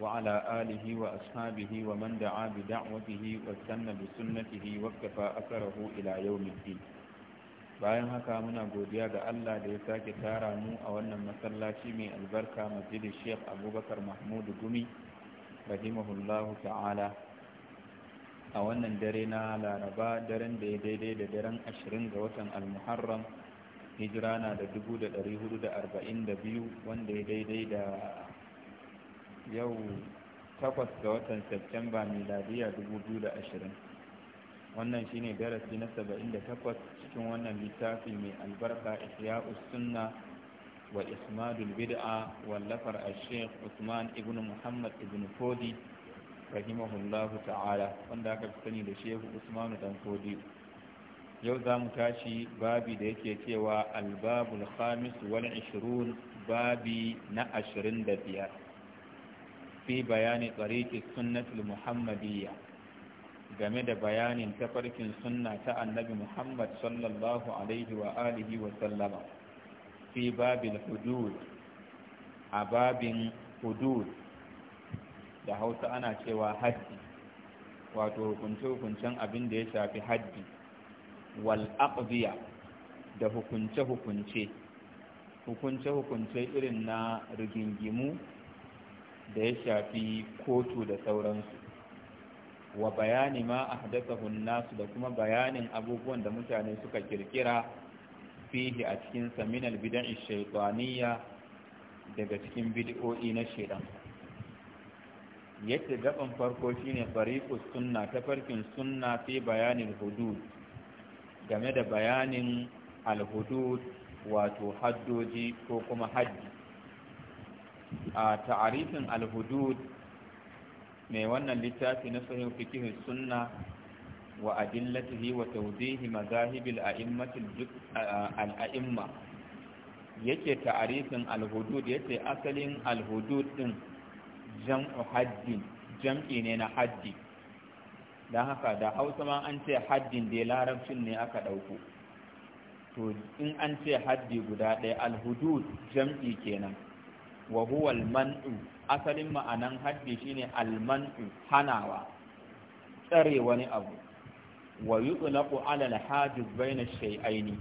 وعلى آله وأصحابه ومن دعا بدعوته واستنى بسنته واكتفى أثره إلى يوم الدين bayan haka muna godiya ga Allah da ya sake tara mu a wannan masallaci mai albarka masjidin Sheikh Abubakar Mahmud Gumi rahimahullahu ta'ala a wannan dare na Laraba daren da ya daidai da daren 20 ga watan Al-Muharram hijira na da 1442 wanda ya daidai da yau takwas ga watan Septemba da ashirin, wannan shine darasi na saba'in da takwas cikin wannan littafi mai albarka isya Sunna wa Ismadul Bid'a wallafar Sheikh Usman ibn Muhammad ibn Fodi rahimahullahu ta'ala wanda aka sani da shehu Usman dan Fodi yau za mu tashi babi da yake cewa albabul khamis wal ashirin babi na ashirin da biyar. fi bayani tsariki sunnatul muhammadiyya game da bayanin tafarkin sunna ta annabi muhammad sallallahu alaihi wa alihi wa sallama fi babil hudud a babin hudud da hausa ana cewa haddi wato hukunce-hukuncen abin da ya shafi haddi wal aqdiya da hukunce-hukunce hukunce-hukunce irin na rigingimu da ya shafi kotu da sauransu wa bayani ma a ahdathahu nasu da kuma bayanin abubuwan da mutane suka kirkira fihi a cikin saminal gidan shaitaniya daga cikin bid'o'i na shaidan yadda gaban farko shi ne farikus sunna ta farkin sunna fi bayanin hudud game da bayanin alhudud wato haddoji ko kuma haddi a ta'arifin al-hudud mai wannan littafi na sahih fiqh sunna wa adillatihi wa tawdihi mazahibil a'immati al-a'imma yake ta'arifin al-hudud yace asalin al-hudud din jam'u haddi jam'i ne na haddi dan haka da hausa ma an ce haddin da larabcin ne aka ɗauko to in an ce haddi guda ɗaya alhudud jam'i kenan wa huwa al-man'u asalin ma'anan haddi shine al-man'u hanawa tsare wani abu wa yutlaqu 'ala al-hajiz bayna ash-shay'aini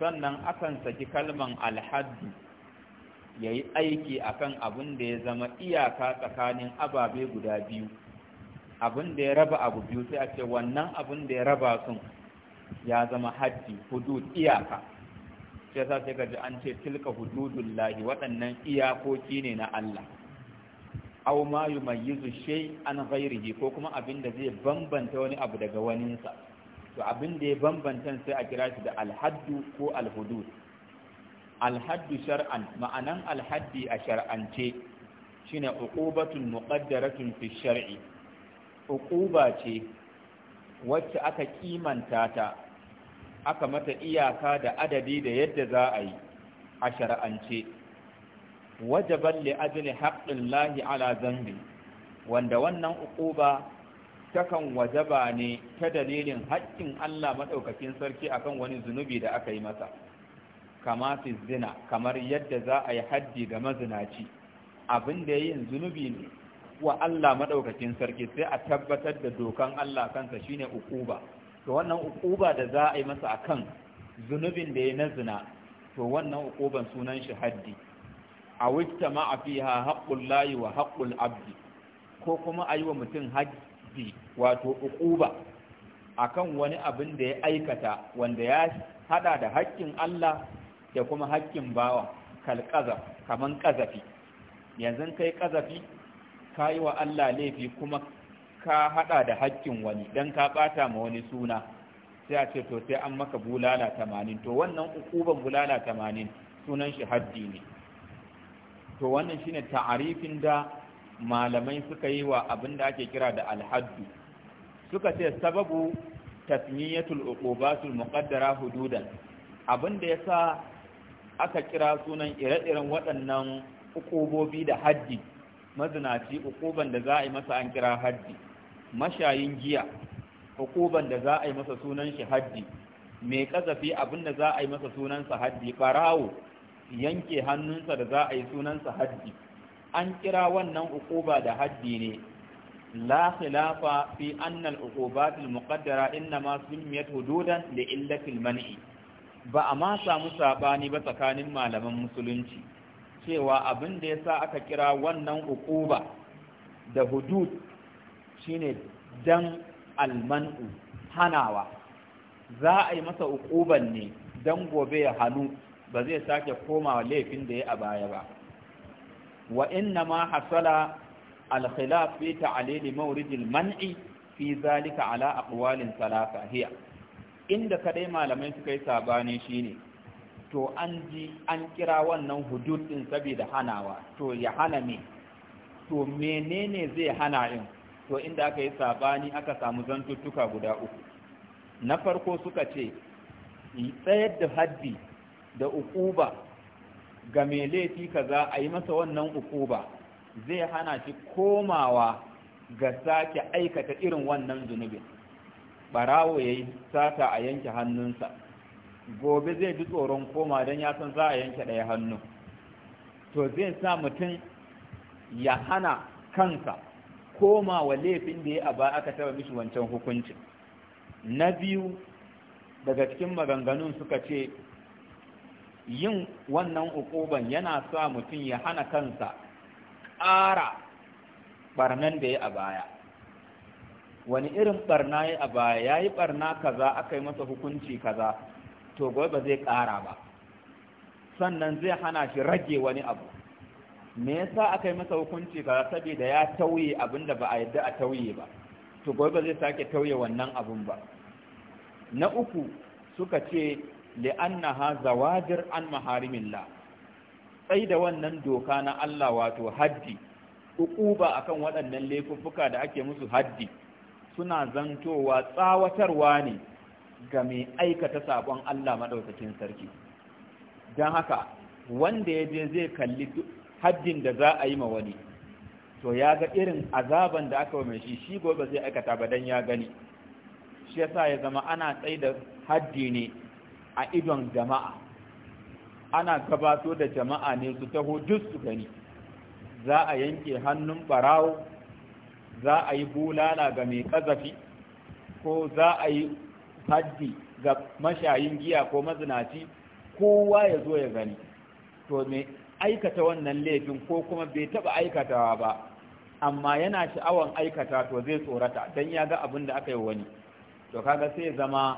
sannan akan saki kalman al haddi yayi aiki akan abin da ya zama iyaka tsakanin ababe guda biyu abin da ya raba abu biyu sai a ce wannan abun da ya raba sun ya zama haddi hudud iyaka shi yasa sai gaji an ce tilka hududullahi waɗannan iyakoki ne na Allah aw ma shai an ghairihi ko kuma abin da zai bambanta wani abu daga waninsa to abin da ya bambanta sai a kira shi da alhaddu ko alhudud alhaddu shar'an ma'anan alhaddi a shar'ance shine uqubatun muqaddaratun fi shar'i uquba ce wacce aka kimanta ta aka mata iyaka da adadi da yadda za a yi a shara'ance wajaban li ajli haƙƙin lahi ala zambi wanda wannan uquba takan wajaba ne ta dalilin haƙƙin Allah madaukakin sarki akan wani zunubi da aka yi masa kama fi zina kamar yadda za a yi haddi ga mazinaci abin da yin zunubi ne wa Allah maɗaukakin sarki sai a tabbatar da dokan Allah kansa shine uquba to wannan uquba da za a yi masa akan zunubin da ya na zina to wannan uquban sunan shi haddi a wista ma a fiha haqqul layi wa haqqul abdi ko kuma a yi wa mutum haddi wato uquba akan wani abin da ya aikata wanda ya hada da haƙƙin Allah da kuma haƙƙin bawa kalƙazaf kaman ƙazafi yanzu kai ƙazafi ka yi wa Allah laifi kuma ka haɗa da haƙƙin wani dan ka ɓata ma wani suna sai a ce to sai an maka bulala tamanin to wannan ukuban bulala tamanin sunan shi haddi ne to wannan shine ta'arifin da malamai suka yi wa abin da ake kira da alhaddu suka ce sababu tasmiyatul uqubatul muqaddara hududan abinda da yasa aka kira sunan ire-iren waɗannan ukubobi da haddi mazinaci ukuban da za a yi masa an kira haddi mashayin giya hukuban da za a yi masa sunan shi haddi mai kazafi abin da za a yi masa sunansa haddi barawo yanke hannunsa da za a yi sunansa haddi an kira wannan ukuba da haddi ne la khilafa fi anna al-uqubat al-muqaddara innama summiyat hududan li illati mani ba a ma samu sabani ba tsakanin malaman musulunci cewa abin da yasa aka kira wannan ukuba da hudud shine dan alman'u hanawa za a yi masa ukuban ne dan gobe ya hannu ba zai sake komawa laifin da ya a baya ba wa inna ma hasala al-khilaf fi ta'lil mawrid al-man'i fi zalika ala aqwalin salasa hiya inda kadai malamai suka yi sabani shine to an ji an kira wannan hudud din saboda hanawa to ya hana me to menene zai hana in to inda aka yi sabani aka samu zantuttuka guda uku na farko suka ce tsayar da haddi da ukuba ga mai laifi kaza a yi masa wannan ukuba zai hana shi komawa ga sake aikata irin wannan zunubin barawo ya yi sata a yanke hannunsa gobe zai ji tsoron koma don ya san za a yanke ɗaya hannu to zai sa mutum ya hana kansa koma wa laifin da ya aba aka taba mishi wancan hukuncin na biyu daga cikin maganganun suka ce yin wannan ukuban yana sa mutum ya hana kansa ƙara ɓarnan da ya a baya wani irin ɓarna ya a baya ya yi barna kaza aka yi masa hukunci kaza to gobe ba zai ƙara ba sannan zai hana shi rage wani abu me yasa aka yi masa hukunci ba saboda ya tauye abin da ba a yadda a tauye ba to gobe zai sake tauye wannan abin ba na uku suka ce li'annaha zawajir an maharimillah sai da wannan doka na Allah wato haddi ukuba akan waɗannan laifuffuka da ake musu haddi suna zantowa tsawatarwa ne ga mai aikata sabon Allah madaukakin sarki don haka wanda ya je zai kalli haddin da za a yi ma wani to ya ga irin azaban da aka wame shi shi gobe zai aikata ba dan ya gani shi yasa ya zama ana tsaye da haddi ne a idon jama'a ana gabato da jama'a ne su taho duk su gani za a yanke hannun barawo za a yi bulala ga mai kazafi ko za a yi haddi ga mashayin giya ko mazinaci kowa ya zo ya gani to me aikata wannan laifin ko kuma bai taba aikatawa ba amma yana sha'awan aikata to zai tsorata don ya ga abin da aka yi wani to kaga sai zama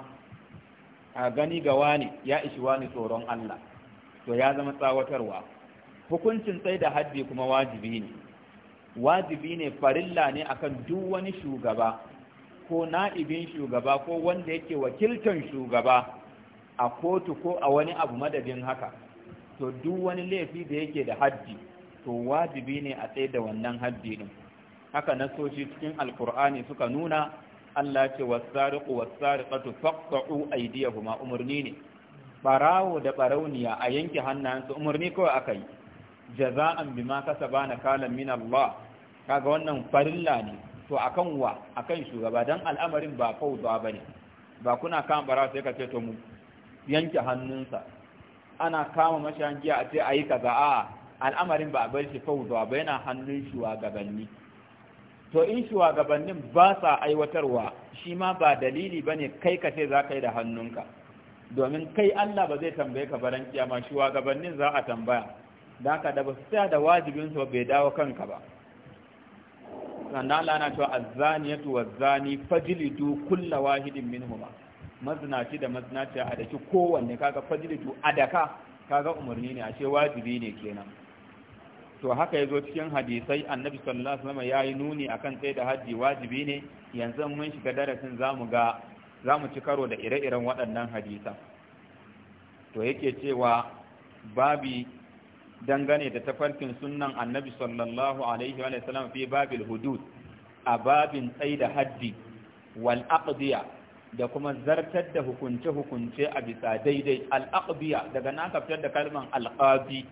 a gani ga wani ya ishi wani tsoron Allah to ya zama tsawatarwa hukuncin tsaida da haddi kuma wajibi ne wajibi ne farilla ne akan duk wani shugaba ko na'ibin shugaba ko wanda yake wakiltan shugaba a kotu ko a wani abu madadin haka to duk wani laifi da yake da haddi to wajibi ne a tsaye da wannan haddi din haka nasoshi cikin alkur'ani suka nuna Allah ce wasariqu wasariqatu faqta'u aydiyahuma umurni ne barawo da barauniya a yanke su umurni kawai akai jaza'an bima kasaba na kalam min Allah kaga wannan farilla ne to akan wa akan shugaba dan al'amarin ba ba bane ba kuna kan barawo sai ka ce to mu yanke hannunsa ana kama mashayan giya a ce a yi kaza a al'amarin ba a bar shi zuwa ba yana hannun shugabanni to in shugabannin ba sa aiwatarwa shi ma ba dalili ba ne kai ka ce za ka yi da hannunka domin kai Allah ba zai tambaye ka baran kiyama shugabannin za a tambaya da ka da ba su tsaya da wajibinsu bai dawo kanka ba sannan Allah na cewa azzaniyatu wazzani fajlidu kulla wahidin minhuma mazinaci da mazinaci a daki kowanne kaga fajilitu a daka kaga umarni ne ashe wajibi ne kenan to haka yazo cikin hadisai annabi sallallahu alaihi wasallam yayi nuni akan sai da haji wajibi ne yanzu mun shiga darasin zamu ga zamu ci karo da ire-iren waɗannan hadisa to yake cewa babi dangane da tafarkin sunnan annabi sallallahu alaihi wa sallam fi babil hudud a babin tsaida da haji wal aqdiya da kuma zartar da hukunce-hukunce a bisa daidai al'aqbiya daga na kaftar da kalman alqabi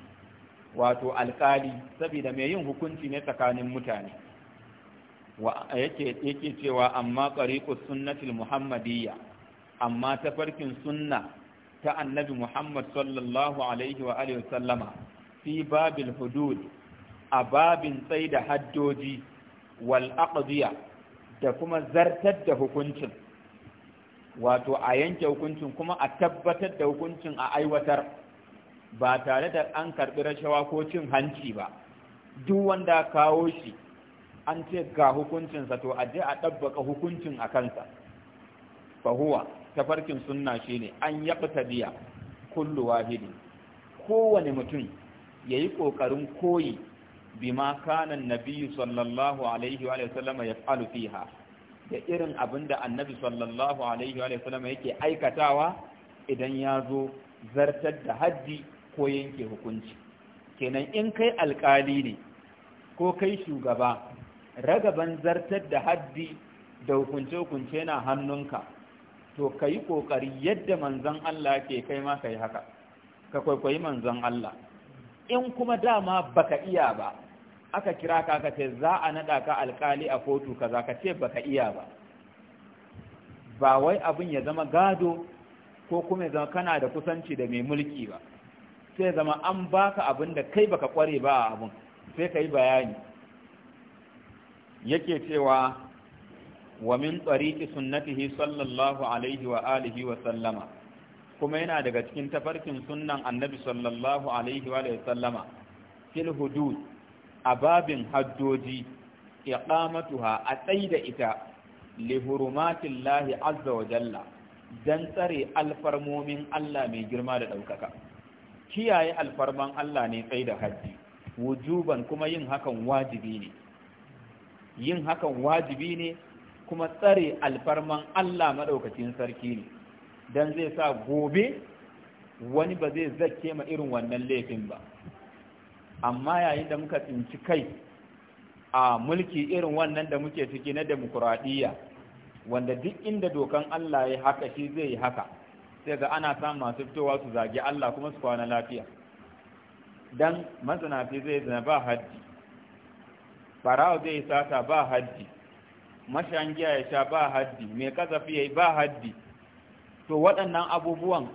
wato alkali saboda mai yin hukunci ne tsakanin mutane yake cewa amma qariqus sunnatil muhammadiyya amma tafarkin sunna ta annabi muhammad sallallahu alaihi wa fi babil hudud a babin tsaida haddoji wal da kuma zartar da hukuncin wato a yanke hukuncin kuma a tabbatar da hukuncin a aiwatar ba tare da an karɓi rashawa ko cin hanci ba duk wanda kawo shi an ce ga hukuncinsa to a a ɗabbaka hukuncin a kansa fahuwa farkin sunna shi ne an yaɓa biya kullu wahidi kowane mutum ya yi ƙoƙarin koyi bima kanan nabi sallallahu alaihi wa sallama ya fiha da irin abin da annabi sallallahu alaihi wa yake aikatawa idan ya zo zartar da haddi ko yanke hukunci kenan in kai alkali ne ko kai shugaba ragaban zartar da haddi da hukunce-hukunce na hannunka to ka yi ƙoƙari yadda manzan Allah ke kai ma ka yi haka ka kwaikwayi manzan Allah in kuma dama baka iya ba aka kira ka aka ce za a naɗa ka alkali a kotu kaza ka ce baka iya ba ba wai abin ya zama gado ko kuma ya zama kana da kusanci da mai mulki ba sai zama an baka abin da kai baka kware ba a abin sai ka yi bayani yake cewa wa min tsariki sunnatihi sallallahu alaihi wa alihi wa sallama kuma yana daga cikin tafarkin sunnan annabi sallallahu alaihi wa sallama fil hudud a babin haddoji iqamatuha a tsaida ita li hurumatillahi azza wa jalla dan tsare alfarmomin Allah mai girma da ɗaukaka kiyaye alfarman Allah ne da haddi wujuban kuma yin hakan wajibi ne yin hakan wajibi ne kuma tsare alfarman Allah maɗaukacin sarki ne dan zai sa gobe wani ba zai zakke ma irin wannan laifin ba amma yayin da muka tsinci kai a mulki irin wannan da muke ciki na demokuraɗiyya wanda duk inda dokan Allah ya haka shi zai yi haka sai ga ana samun masu fitowa su zagi Allah kuma su kwana lafiya dan mazinafi zai zina ba haddi farawa zai sata ba haddi mashangiya ya sha ba haddi mai kasafi ya yi ba haddi to waɗannan abubuwan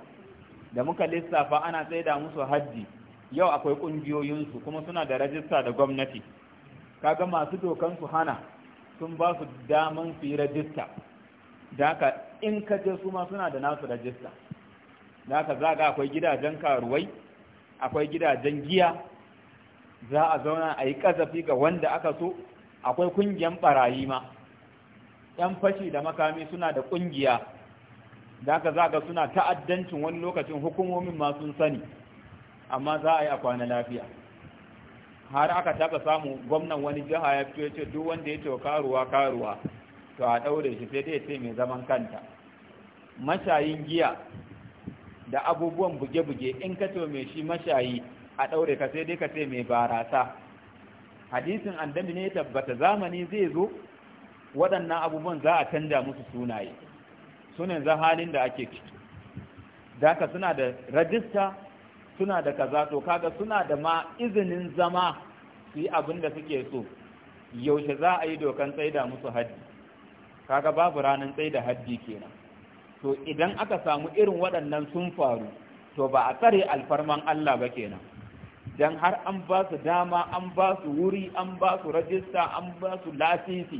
da muka lissafa ana tsaida musu haddi yau akwai ƙungiyoyinsu kuma suna da rajista da gwamnati kaga masu dokan su hana sun ba su daman su yi rajista da haka in ka je su ma suna da nasu rajista da haka za ga akwai gidajen karuwai akwai gidajen giya za a zauna a yi ƙazafi ga wanda aka so akwai ƙungiyar ɓarayi ma ‘yan fashi da makami suna da ƙungiya da haka za ga suna ta'addancin wani lokacin hukumomin ma sun sani amma za a yi a kwana lafiya har aka taba samu gwamnan wani jiha ya fito ya ce duk wanda ya ce karuwa karuwa to a ɗaure shi sai dai ce mai zaman kanta mashayin giya da abubuwan buge-buge in ka ce mai shi mashayi a ɗaure ka sai dai ka ce mai barasa hadisin andami ne tabbata zamani zai zo waɗannan abubuwan za a canja musu sunaye sunan za halin da ake ciki da suna da rajista suna da kaza to kaga suna da ma izinin zama su yi abin da suke so yaushe za a yi dokan tsaida musu haddi kaga babu ranar tsaida haddi kenan to idan aka samu irin waɗannan sun faru to ba a tsare alfarman Allah ba kenan dan har an ba su dama an ba su wuri an ba su rajista an ba su lasisi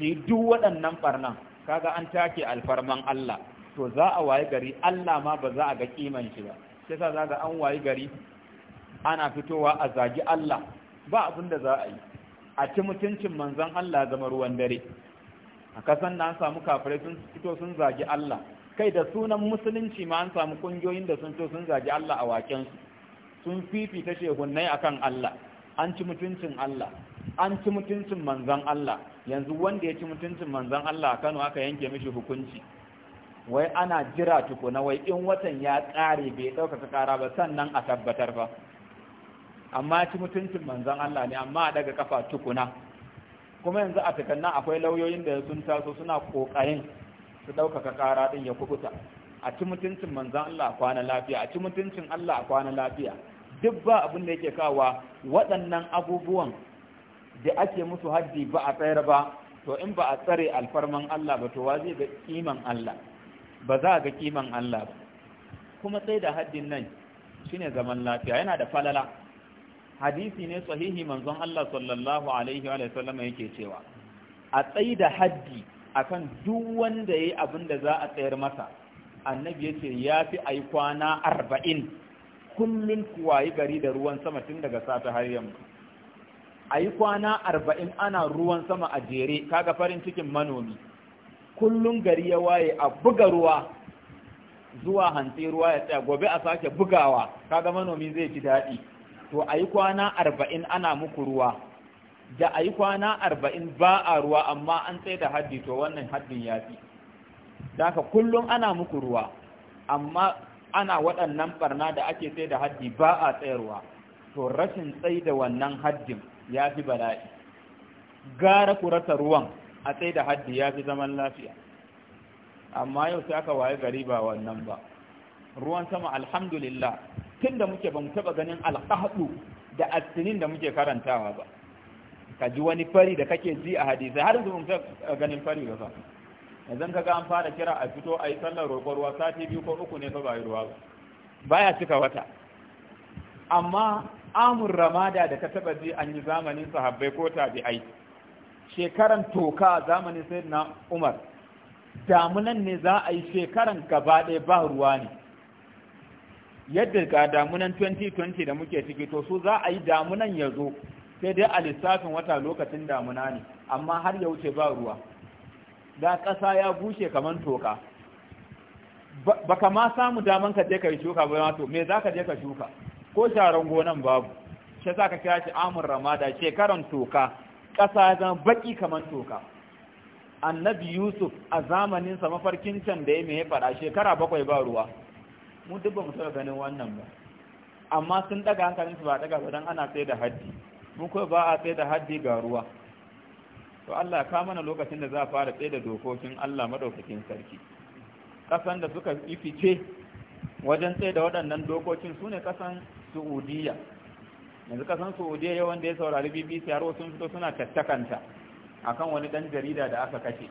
su duk waɗannan barnan kaga an take alfarman Allah to za a waye gari Allah ma ba za a ga kiman shi ba sai sa zaga an wayi gari ana fitowa a zagi Allah ba abin da za a yi a ci mutuncin manzon Allah zama ruwan dare a kasan na an samu kafirai sun fito sun zagi Allah kai da sunan musulunci ma an samu kungiyoyin da sun fito sun zagi Allah a waken su sun fifita shehunnai akan Allah an ci mutuncin Allah an ci mutuncin manzon Allah yanzu wanda ya ci mutuncin manzon Allah a Kano aka yanke mishi hukunci wai ana jira tukuna wai in watan ya ƙare bai ɗaukaka ƙara ba sannan a tabbatar ba amma ci mutuncin manzon Allah ne amma a daga kafa tukuna kuma yanzu a tukanna akwai lauyoyin da sun taso suna ƙoƙarin su ɗaukaka ƙara ɗin ya kubuta a ci mutuncin manzon Allah kwana lafiya a ci mutuncin Allah kwana lafiya duk ba abin da yake kawa waɗannan abubuwan da ake musu hajji ba a tsayar ba to in ba a tsare alfarman Allah ba to wa zai ga kiman Allah ba za a ga kiman Allah ba kuma sai da haddin nan shine zaman lafiya yana da falala hadisi ne sahihi manzon Allah sallallahu alaihi wa sallam yake cewa a tsayi da haddi akan duk wanda yayi abin da za a tsayar masa annabi yace yafi ai kwana 40 kullun kuwayi gari da ruwan sama tun daga safe har yamma ayi kwana 40 ana ruwan sama a jere kaga farin cikin manomi kullum gari ya waye a buga ruwa zuwa hantsi ruwa ya tsaya gobe a sake bugawa kaga manomi zai ji daɗi to a yi kwana arba'in ana muku ruwa da a yi kwana arba'in ba a ruwa amma an tsaye da haddi to wannan haddin ya fi daga kullum ana muku ruwa amma ana waɗannan barna da ake tsaye da haddi ba a tsayarwa to rashin tsaye da wannan haddin ya fi bala'i gara ku rasa ruwan a tsaye da haddi ya fi zaman lafiya amma yau sai aka waye gari ba wannan ba ruwan sama alhamdulillah tun da muke ba mu taɓa ganin alƙahadu da asinin da muke karantawa ba ka ji wani fari da kake ji a hadisai har yanzu mun ganin fari ba fa yanzu kaga an fara kira a fito a yi sallar roƙon ruwa sati biyu ko uku ne fa ba yi ruwa ba baya cika wata amma amur ramada da ka taba ji an yi zamanin sahabbai ko tabi'ai shekaran toka zamanin sai na Umar damunan ne za a yi shekaran gaba ɗaya ba ruwa ne yadda ga damunan 2020 da muke ciki to su za a yi damunan ya zo sai dai a lissafin wata lokacin damuna ne amma har ya wuce ba ruwa da ƙasa ya bushe kamar toka ba ka ma samu daman ka je ka yi shuka ba to me za ka je ka shuka ko sharan gonan babu shi ka kira shi amur ramada shekaran toka ƙasa ya zama baƙi kamar toka annabi yusuf a zamaninsa mafarkin can da ya mai faɗa shekara bakwai ba ruwa mu duk ba mu taɓa ganin wannan ba amma sun ɗaga hankalinsu ba ɗaga ba don ana sai da haddi mun kawai ba a sai da haddi ga ruwa to Allah ka mana lokacin da za a fara tsaye da dokokin Allah maɗaukakin sarki ƙasan da suka yi fice wajen tsaye da waɗannan dokokin su ne kasan Su'udiyya yanzu kasan saudiya yawan wanda ya saurari bbc har sun fito suna tattakanta akan wani dan jarida da aka kashe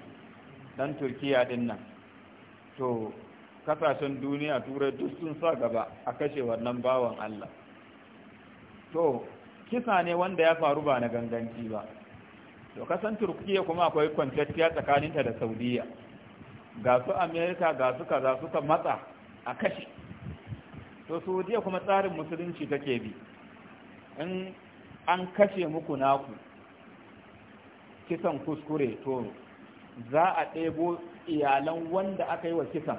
dan turkiya din nan to kasashen duniya turai duk sun sa gaba a kashe wannan bawan allah to kisa ne wanda ya faru ba na ganganci ba to kasan turkiya kuma akwai kwanciyar tsakaninta da saudiya ga su amerika ga su kaza suka matsa a kashe to saudiya kuma tsarin musulunci take bi in an kashe muku naku kisan kuskure to za a ɗebo iyalan wanda aka yi wa kisan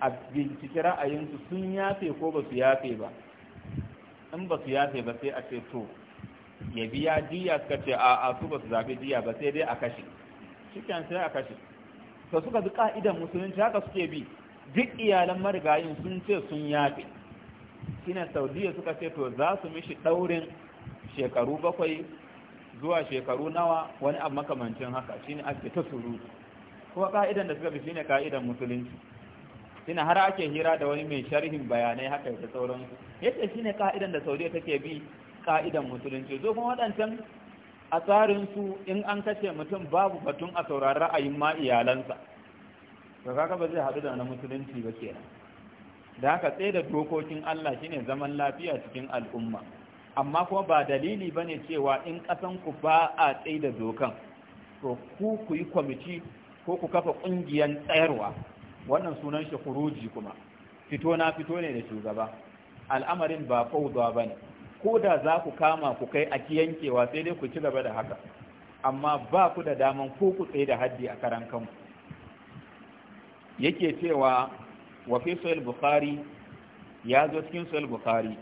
a binciki ra'ayinsu sun yafe ko ba su yafe ba in ba su yafe ba sai a ce to ya biya diya suka ce a su ba su zaɓi diya ba sai dai a kashe shikin sai a kashe to suka bi ka'idan musulunci haka suke bi duk iyalan marigayin sun ce sun yafe kina saudiya suka ce to za su mishi ɗaurin shekaru bakwai zuwa shekaru nawa wani abu makamancin haka shine ake ta suru kuma ka'idan da suka bi shine ka'idan musulunci ne har ake hira da wani mai sharhin bayanai haka da sauran yace shine ka'idan da saudiya take bi ka'idan musulunci zo kuma waɗancan a tsarin su in an kace mutum babu batun a saurari ra'ayin ma iyalansa to kaga ba zai haɗu da na musulunci ba kenan da haka tsaye da dokokin Allah shine zaman lafiya cikin al'umma amma kuma ba dalili bane cewa in ƙasan ku ba a tsaye da dokan to ku ku yi kwamiti ko ku kafa ƙungiyar tsayarwa wannan sunan shi kuruji kuma fito na fito ne da shugaba al'amarin ba fauda bane ko da za ku kama ku kai a yankewa sai dai ku ci gaba da haka amma ba ku da daman ko ku tsaye da haddi a karan kanku yake cewa wa fi bukhari ya zo cikin sahih bukhari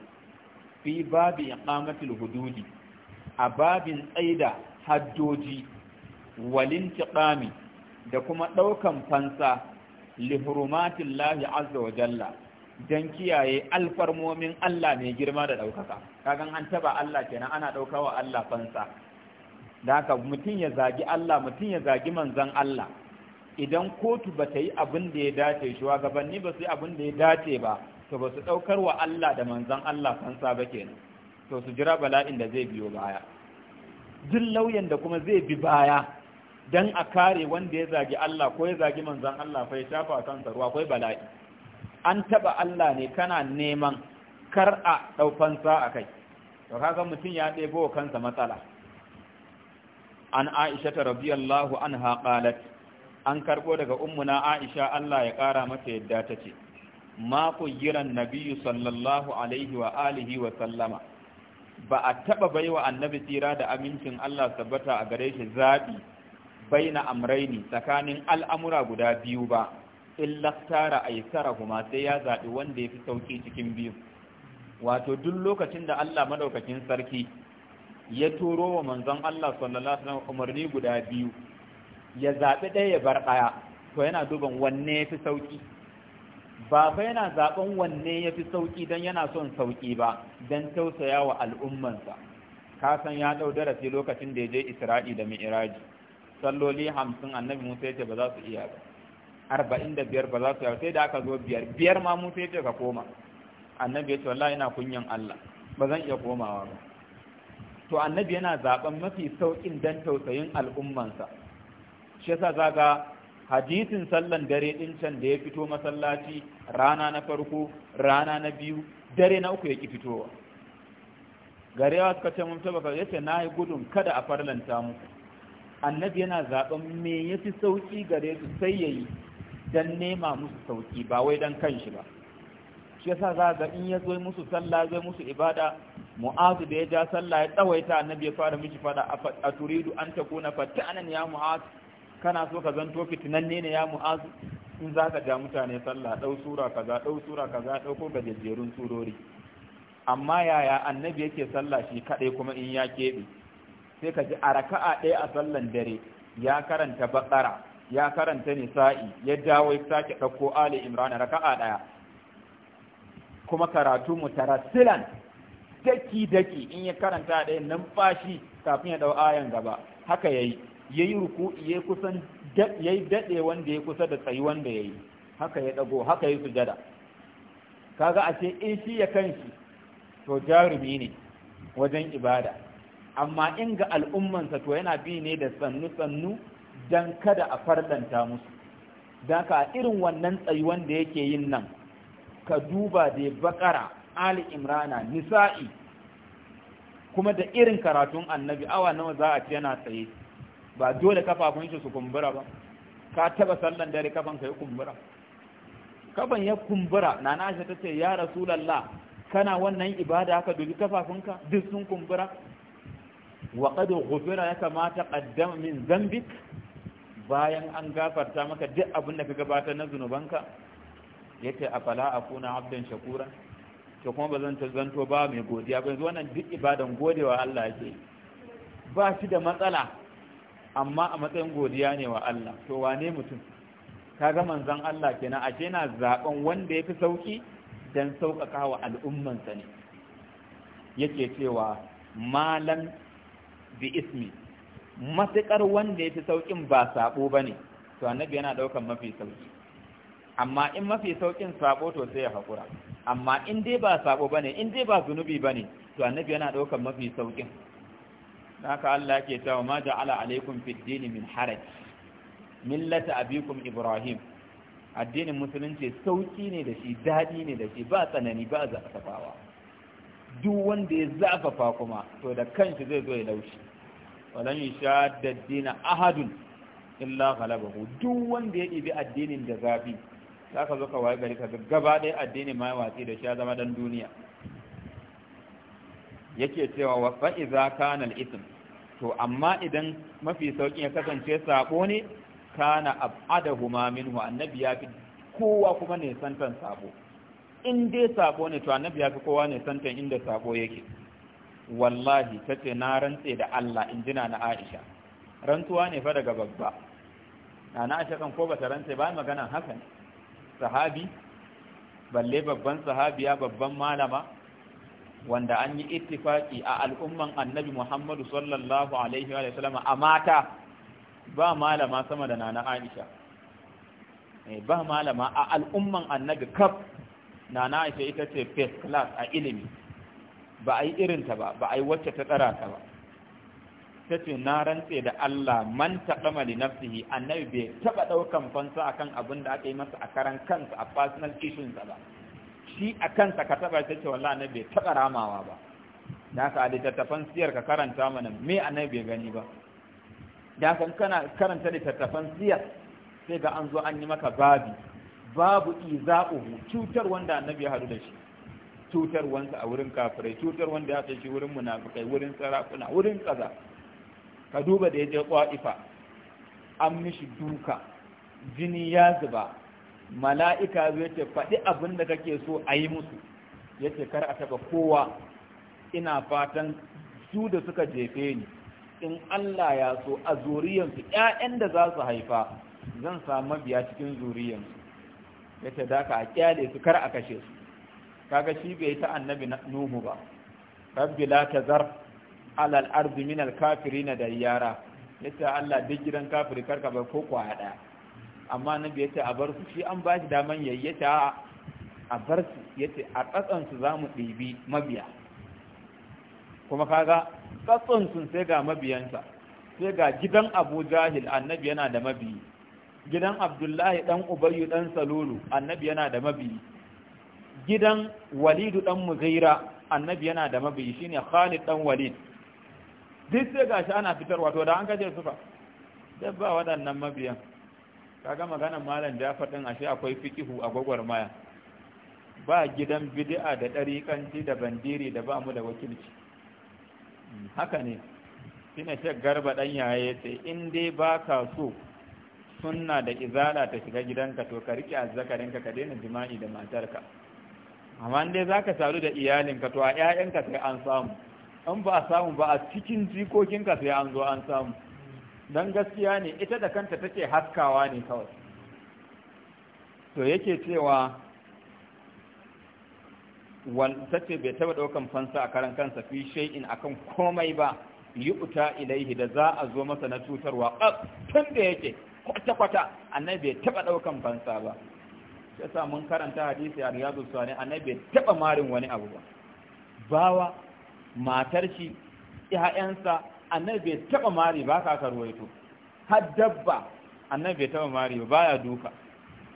fi babi iqamatil hududi a babin tsaida haddoji walin tiqami da kuma daukan fansa li hurumatillahi azza wa jalla dan kiyaye alfarmomin Allah mai girma da daukaka kaga an taba Allah kenan ana daukawa Allah fansa da haka mutum ya zagi Allah mutum ya zagi manzon Allah idan kotu ba ta yi abin da ya dace gabanni ba su yi abin da ya dace ba to ba su ɗaukar wa Allah da manzan Allah fansa ba kenan to su jira bala'in da zai biyo baya duk lauyan da kuma zai bi baya dan a kare wanda ya zagi Allah ko ya zagi manzan Allah fa ya shafa kansa ruwa akwai bala'i an taɓa Allah ne kana neman kar a ɗau fansa a kai to kaga mutum ya ɗebo kansa matsala an aisha ta radiyallahu anha qalat an karbo daga ummuna aisha Allah ya kara mata yadda ta ce ma kuyiran nabiyyu sallallahu alaihi wa alihi wa sallama ba a taba baiwa annabi tsira da amincin Allah sabbata a gare shi zabi baina amraini tsakanin al'amura guda biyu ba illa tara kuma sai ya zaɓi wanda ya fi sauki cikin biyu wato duk lokacin da Allah madaukakin sarki ya turo wa manzon Allah sallallahu alaihi wa sallam umarni guda biyu ya zaɓi ɗaya ya bar ɗaya to yana duban wanne ya fi sauƙi ba fa yana zaɓen wanne ya fi sauƙi don yana son sauƙi ba don tausaya wa al'ummansa ka san ya ɗau darasi lokacin da ya je isra'i da mi'iraji salloli hamsin annabi musa ya ce ba za su iya ba arba'in da biyar ba za su iya sai da aka zo biyar biyar ma musa ya ce ka koma annabi ya ce wallahi ina kunyan allah ba zan iya komawa ba to annabi yana zaɓen mafi sauƙin don tausayin al'ummansa shi yasa zaga hadisin sallan dare din can da ya fito masallaci rana na farko rana na biyu dare na uku ya ki fitowa garewa suka ce mun taba yace na yi gudun kada a farlanta mu annabi yana zaben me yafi sauki gare su sai yayi dan nema musu sauki ba wai dan kanshi ba shi yasa za ga in ya zo musu sallah zai musu ibada mu'azu da ya ja sallah ya tsawaita annabi ya fara miki fada a turidu an takuna fatanan ya mu'azu kana so ka zanto fitinan ne ya mu'azu in za ka ja mutane sallah ɗau sura kaza ɗau sura kaza ɗauko gajejjerun surori amma yaya annabi yake sallah shi kaɗai kuma in ya keɓe sai ka ji a raka'a ɗaya a sallan dare ya karanta baƙara ya karanta nisa'i ya dawo ya sake ɗauko ali imran raka'a ɗaya kuma karatu mutarassilan daki daki in ya karanta ɗaya numfashi kafin ya ɗau ayan gaba haka yayi yayi ruku'i yayi kusan yayi dade wanda ya kusa da tsayi wanda yayi haka ya dago haka ya sujada kaga a ce in shi ya kanshi to jarumi ne wajen ibada amma in ga al'ummansa to yana bi ne da sannu sannu dan kada a farlanta musu dan ka irin wannan tsayi wanda yake yin nan ka duba da bakara ali imrana nisa'i kuma da irin karatun annabi awa nawa za a ce yana tsaye ba dole kafafun su kumbura ba ka taba sallan dare kafan ka ya kumbura kafan ya kumbura na nana ta ce ya rasulallah kana wannan ibada ka dubi kafafunka duk sun kumbura wa qad ghufira ya kamata taqaddama min dhanbik bayan an gafarta maka duk abin da ka gabatar na zunubanka yace afala akuna abdan shakura to kuma bazan ta zanto ba mai godiya ba yanzu wannan duk ibadan godewa Allah yake ba shi da matsala amma a matsayin godiya ne wa Allah to wane mutum Ka ga manzon Allah kenan a na zaben wanda yafi sauki dan sauƙaƙa wa al'ummansa ne yake cewa malam bi ismi matuƙar wanda yafi sauƙin ba sabo bane to annabi yana ɗaukan mafi sauki amma in mafi saukin sabo to sai ya haƙura amma in dai ba sabo bane in dai ba zunubi bane to annabi yana ɗaukan mafi saukin haka Allah ke cewa ma ja'ala alaikum fid dini min haraj millata abikum ibrahim addinin musulunci sauki ne da shi daɗi ne da shi ba tsanani ba zafafawa duk wanda ya zafafa kuma to da kanshi zai zo ya laushi walan yashadda dina ahadun illa ghalabahu duk wanda ya ɗibi addinin da zafi zaka zo ka waye gari ka gaba ɗaya addinin ma watsi da shi ya zama dan duniya yake cewa wa fa'iza kana al to amma idan mafi saukin ya kasance sabo ne kana ma minhu annabi ya fi kowa kuma ne santan sabo in dai sabo ne to annabi ya fi kowa ne santan inda sabo yake wallahi tace na rantse da Allah in jina na Aisha rantsuwa ne fa daga babba na Aisha kan ko bata rantse ba magana haka ne sahabi balle babban sahabiya babban malama wanda an yi ittifaki a al'umman annabi Muhammadu sallallahu alaihi wa sallama a mata ba malama sama da nana Aisha eh, ba malama a al'umman annabi kaf nana Aisha ita ce first class a ilimi ba a yi irinta ba ba a yi wacce ta tsara ta ba ta ce na rantse da Allah man taɓa li nafsihi annabi bai taɓa ɗaukan fansa akan abin da aka yi masa a karan kansa a personal issues ba shi a kansa ka taba ta ce wallahi annabi bai taba ramawa ba da haka a littattafan siyar ka karanta mana me annabi bai gani ba da haka kana karanta littattafan siyar sai ga an zo an yi maka babi babu izahu cutar wanda annabi ya hadu da shi cutar wanda a wurin kafirai cutar wanda ya kai shi wurin munafikai wurin sarakuna wurin kaza ka duba da ya je kwa'ifa an mishi duka jini ya zuba mala'ika zai ce faɗi abin da kake so a yi musu ya ce kar a taɓa kowa ina fatan su da suka jefe ni in Allah ya so a zuriyansu ‘ya'yan da za su haifa zan samu mabiya cikin zuriyansu ya ce da ka a kyale su kar a kashe su kaga shi bai ta annabi nuhu ba rabbi la tazar alal ardi min al kafirina da yara yace Allah duk gidan kafiri karka bar ko kwaya ɗaya. amma nabi yace a bar su shi an ba shi daman yayyata a bar su yace a katsan su zamu ɗibi mabiya kuma kaga katsan sun sai ga mabiyansa sai ga gidan Abu Jahil annabi yana da mabiyi gidan Abdullahi dan Ubayyu dan Salulu annabi yana da mabiyi gidan Walidu dan Muzaira annabi yana da mabiyi shine Khalid dan Walid duk sai shi ana fitarwa to da an kaje sufa dabba waɗannan mabiyan kaga maganan malam Jafar din ashe akwai fikihu a gwagwarmaya ba gidan bid'a da ɗariƙanci da bandiri da ba mu da wakilci hmm, haka ne shine shek garba ɗan yaye ce in dai ba ka so sunna da izala ta shiga gidanka to ka riƙe azzakarinka ka daina jima'i da matarka amma dai za ka sadu da iyalinka to a 'ya'yanka sai an samu in ba a samu ba a cikin jikokinka sai an zo an samu dan gaskiya ne ita da kanta take haskawa ne kawai to yake cewa ce bai taba daukan fansa a karan kansa fi shay'in akan komai ba yu'ta ilaihi da za a zo masa na cutarwa tun da yake kwata kwata annabi bai taba daukan fansa ba yasa mun karanta hadisi a riyadu sani annabi bai taba marin wani abu ba bawa matar shi ƴaƴansa annabi bai taba mari ba ka aka ruwaito har dabba annabi bai taba mari ba baya duka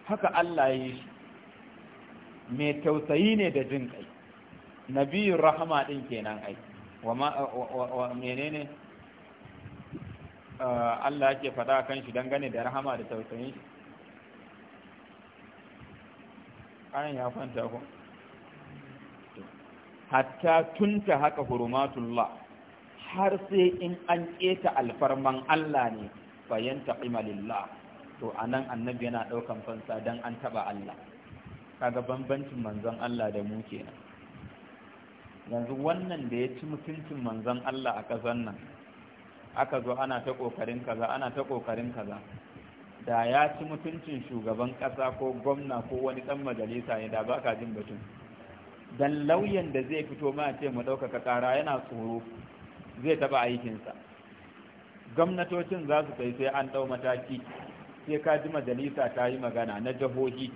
haka Allah ya yi shi mai tausayi ne da jin kai nabiyin rahama din kenan ai wa ma wa menene ah, Allah yake faɗa kan shi dangane da rahama da tausayin shi ayan ya fanta ko hatta tunta haka hurumatullah har sai in an keta alfarman Allah ne bayan ta to anan annabi yana ɗaukan fansa dan an taba Allah kaga bambancin manzon Allah da mu kenan yanzu wannan da ya ci mutuncin manzon Allah a kasan nan aka zo ana ta kokarin kaza ana ta kokarin kaza da ya ci mutuncin shugaban ƙasa ko gwamna ko wani ɗan majalisa ne da ba ka jin batun dan lauyan da zai fito ma ce mu ɗaukaka ƙara yana tsoro zai taɓa aikinsa gwamnatocin za su kai sai an ɗau mataki sai ka ji majalisa ta yi magana na jihohi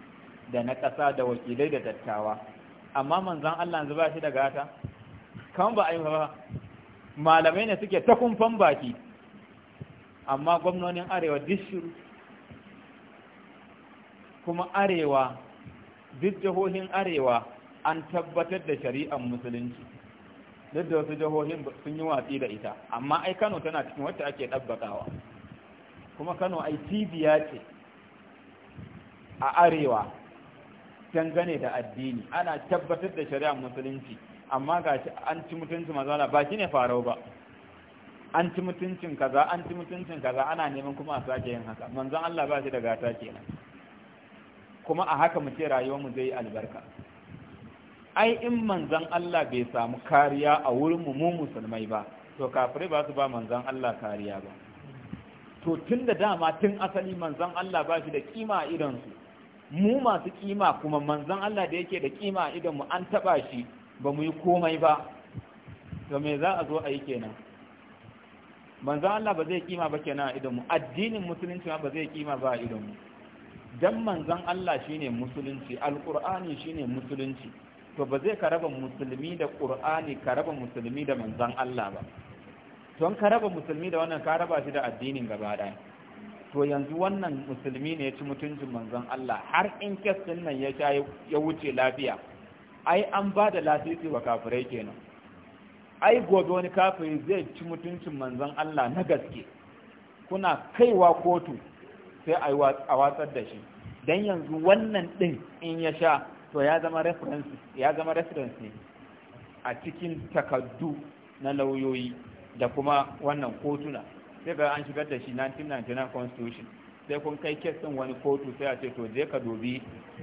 da na ƙasa da wakilai da dattawa amma manzan Allah yanzu ba shi da gata kan ba a yi ba malamai ne suke ta kumfan baki amma gwamnonin arewa dishiru. kuma arewa duk jihohin arewa an tabbatar da shari'ar musulunci duk da wasu jihohin sun yi watsi da ita amma ai kano tana cikin wacce ake ɗabbaƙawa kuma kano ai cibiya ce a arewa dangane da addini ana tabbatar da shari'ar musulunci amma ga an ci mutuncin mazana ba shi ne farau ba an ci mutuncin kaza an ci mutuncin kaza ana neman kuma a sake yin haka manzon Allah ba shi da gata kenan kuma a haka mu ce rayuwar mu zai albarka ai in manzan Allah bai samu kariya a wurin mu mu musulmai ba to kafirai ba su ba manzan Allah kariya ba to tun da dama tun asali manzan Allah ba shi da kima a su, mu masu kima kuma manzan Allah da yake da kima a idonmu an taba shi ba mu yi komai ba to me za a zo a yi kenan manzan Allah ba zai kima ba kenan a mu? addinin musulunci ba zai kima ba a mu? dan manzan Allah shine musulunci alqur'ani shine musulunci to ba zai ka raba musulmi da ƙur'ani ka raba musulmi da manzan Allah ba don ka raba musulmi da wannan ka raba shi da addinin gaba ɗaya to yanzu wannan musulmi ne ya ci mutuncin manzan Allah har in kes din nan ya sha ya wuce lafiya ai an ba da lasisi wa kafirai kenan ai gobe wani kafiri zai ci mutuncin manzan Allah na gaske kuna kaiwa kotu sai a watsar da shi don yanzu wannan ɗin in ya sha to ya zama reference ya zama reference ne a cikin takaddu na lauyoyi da kuma wannan kotuna sai ga an shigar da shi 1999 constitution sai kun kai kesin wani kotu sai a ce to je ka dobi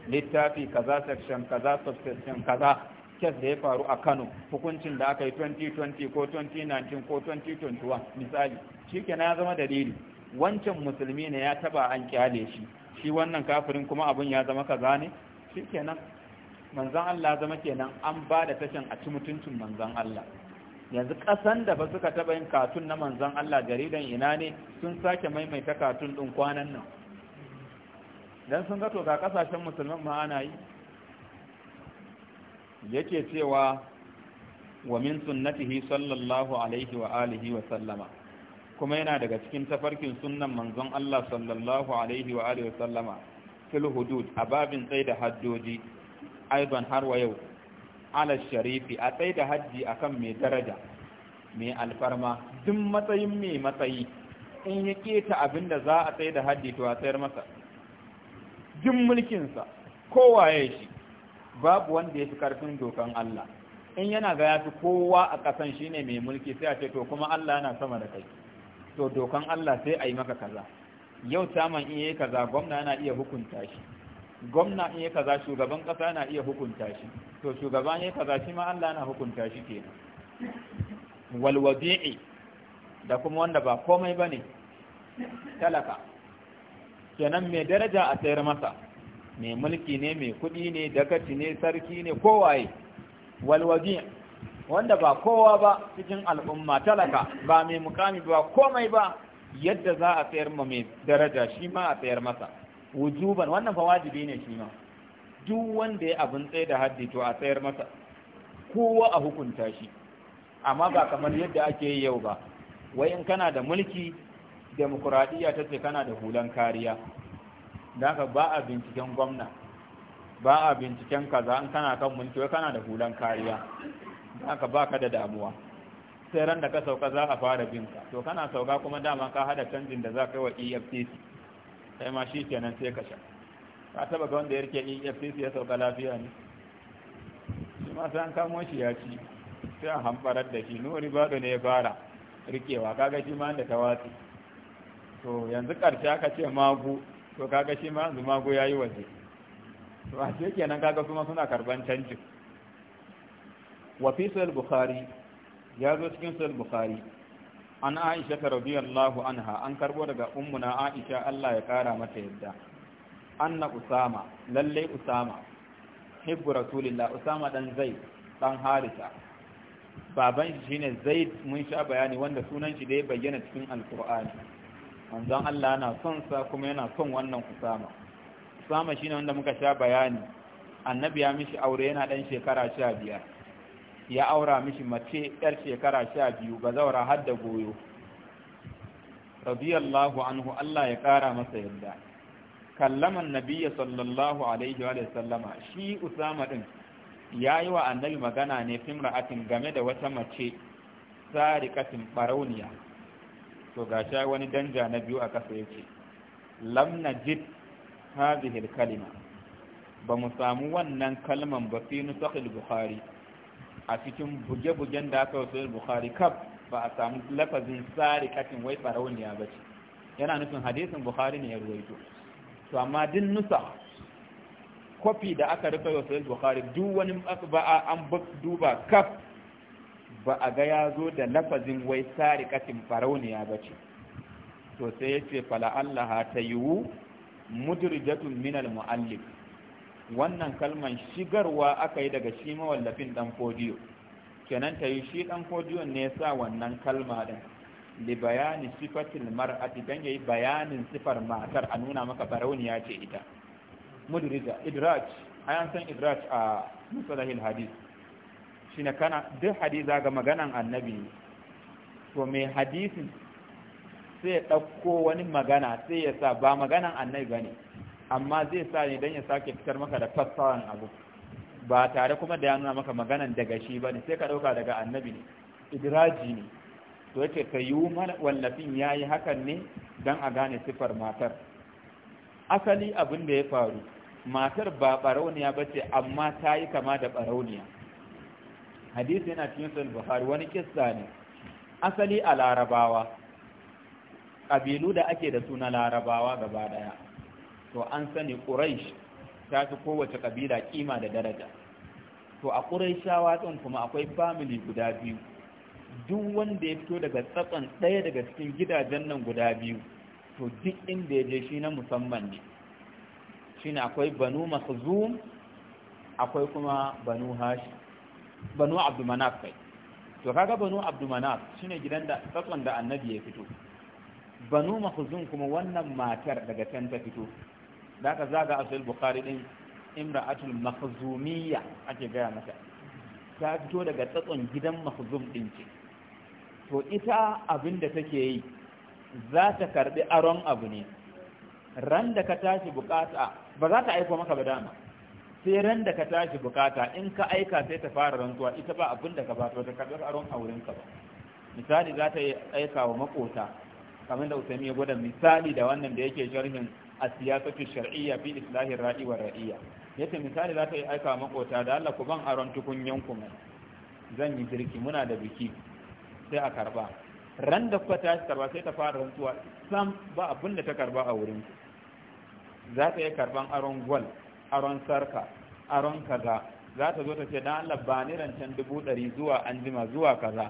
littafi kaza section kaza subsection kaza kes da ya faru a Kano hukuncin da aka yi 2020 ko 2019 ko 2021 misali shikenan ya zama dalili wancan musulmi ne ya taba an kyale shi shi wannan kafirin kuma abun ya zama kaza ne shikenan manzan Allah zama kenan an ba da tashan a ci mutuncin manzan Allah yanzu ƙasan da ba suka taɓa yin katun na manzan Allah jaridan ina ne sun sake maimaita katun ɗin kwanan nan don sun ga ga kasashen musulman ma ana yi yake cewa wa min sunnatihi sallallahu alaihi wa alihi wa sallama kuma yana daga cikin tafarkin sunnan manzon Allah sallallahu alaihi wa alihi wa sallama fil hudud a babin tsaida haddoji aiban har wa yau ala sharifi a tsaye da hajji akan mai daraja mai alfarma duk matsayin mai matsayi in ya keta abin da za a tsaye da hajji to a tsayar masa duk mulkinsa kowa ya shi babu wanda ya fi karfin dokan Allah in yana ga ya fi kowa a ƙasan shi ne mai mulki sai a ce to kuma Allah yana sama da kai to dokan Allah sai a yi maka kaza yau taman iya kaza gwamna yana iya hukunta shi gwamna in ya kaza shugaban kasa na iya hukunta shi to shugaban ya kaza shi ma Allah na hukunta shi kenan wal wadi'i da kuma wanda ba komai bane talaka kenan mai daraja a sayar masa mai mulki ne mai kudi ne dagaci ne sarki ne kowaye wal wadi' wanda ba kowa ba cikin al'umma talaka ba mai mukami ba komai ba yadda za a sayar ma mai daraja shi ma a sayar masa wujuban wannan fa wajibi ne shi ma duk wanda ya abin tsaye da haddi to a tsayar masa kowa a hukunta shi amma ba kamar yadda ake yi yau ba wai in kana da mulki demokuraɗiyya ta ce kana da hulan kariya da ba a binciken gwamna ba a binciken kaza in kana kan mulki wai kana da hulan kariya da ba ka da damuwa sai ran da ka sauka za a fara binka to kana sauka kuma dama ka hada canjin da za ka yi wa efcc kai ma shi kenan sai ka sha ka taba ga wanda ya rike efcc ya sauka lafiya ne shi ma sai an kamo shi ya ci sai a hambarar da shi nuri bado ne ya fara rikewa kaga shi ma da wace. to yanzu karshe aka ce magu to kaga shi ma yanzu magu ya yi waje to a ce kenan kaga kuma suna karban canjin wa fi sahih bukhari ya zo cikin sahih bukhari an aisha ta radiyallahu anha an karbo daga ummuna aisha Allah ya kara mata yadda anna usama lalle usama hibbu rasulillah usama dan zaid dan harisa baban shi shine zaid mun sha bayani wanda sunan shi da ya bayyana cikin alqur'ani manzon Allah yana son sa kuma yana son wannan usama usama shine wanda muka sha bayani annabi ya mishi aure yana dan shekara 15 ya aura mishi mace yar shekara sha biyu ga zaura har da goyo radiyallahu anhu Allah ya kara masa yadda kallaman nabiyya sallallahu alaihi wa sallama shi usama din yayi wa annabi magana ne fim ra'atin game da wata mace sarikatin barauniya to gasha wani danja na biyu a kasa yake lam najid hadhihi kalima ba mu samu wannan kalman ba fi nusakhil bukhari a cikin buge-bugen da aka wasu bukhari kaf ba a samu lafazin tsari kafin wai farauniya ba ce yana nufin hadisin bukhari ne ya ruwaito to amma din nusa kwafi da aka rufe wasu bukhari duk wani ba an duba kaf ba a ga ya zo da lafazin wai tsari kafin farauniya ba ce to sai ya ce fala Allah ta yiwu mudrijatun minal mu'allif wannan kalman shigarwa aka yi daga shi mawallafin dan fodiyo kenan ta shi dan fodiyon ne sa wannan kalma din li bayani sifatil mar'ati dan yayi bayanin sifar matar a nuna maka ya ce ita mudrija idraj ayan san idraj a musalahil hadith shine kana duk hadisi ga maganan annabi to me hadisin sai ya ɗauko wani magana sai ya sa ba maganan annabi bane amma zai sa ne don ya sake fitar maka da fassawan abu ba tare kuma da ya nuna maka maganan daga shi ba ne sai ka ɗauka daga annabi ne idiraji ne to yake ka yi wallafin ya yi hakan ne don a gane sifar matar asali abin da ya faru matar ba ɓarauniya ba ce amma ta yi kama da barauniya. hadisi yana cikin sun buhari wani kissa ne asali a larabawa ƙabilu da ake da suna larabawa gaba ɗaya to an sani quraish ta fi kowace kabila kima da daraja to a quraishawa din kuma akwai family guda biyu duk wanda ya fito daga tsatson ɗaya daga cikin gidajen nan guda biyu to duk inda ya je shi na musamman ne ne akwai banu mahzum akwai kuma banu hashi banu manaf kai to kaga banu abdumanaf shine gidan da tsatson da annabi ya fito banu mahzum kuma wannan matar daga can ta fito da aka zaga a sahih bukhari din imra'atul makhzumiyya ake gaya mata ta fito daga tsatson gidan makhzum din ce to ita abin da take yi za ta karbi aron abu ne ran da ka tashi bukata ba za ta aiko maka ba dama sai ran da ka tashi bukata in ka aika sai ta fara rantsuwa ita ba abin da ka ba ta karbi aron auren ka ba misali za ta aika wa makota kamar da Usaimi ya gwada misali da wannan da yake sharhin a siyasatu shar'iyya fi islahin ra'i wa ra'iyya yace misali za ta yi aika makota da Allah ku ban aron tukunyan ku mai zan yi girki muna da biki sai a karba ran da kuka tashi karba sai ta fara rantsuwa sam ba abin ta karba a wurin za ta yi karban aron gwal aron sarka aron kaza za ta zo ta ce dan Allah ba ni rancen dubu ɗari zuwa anjima zuwa kaza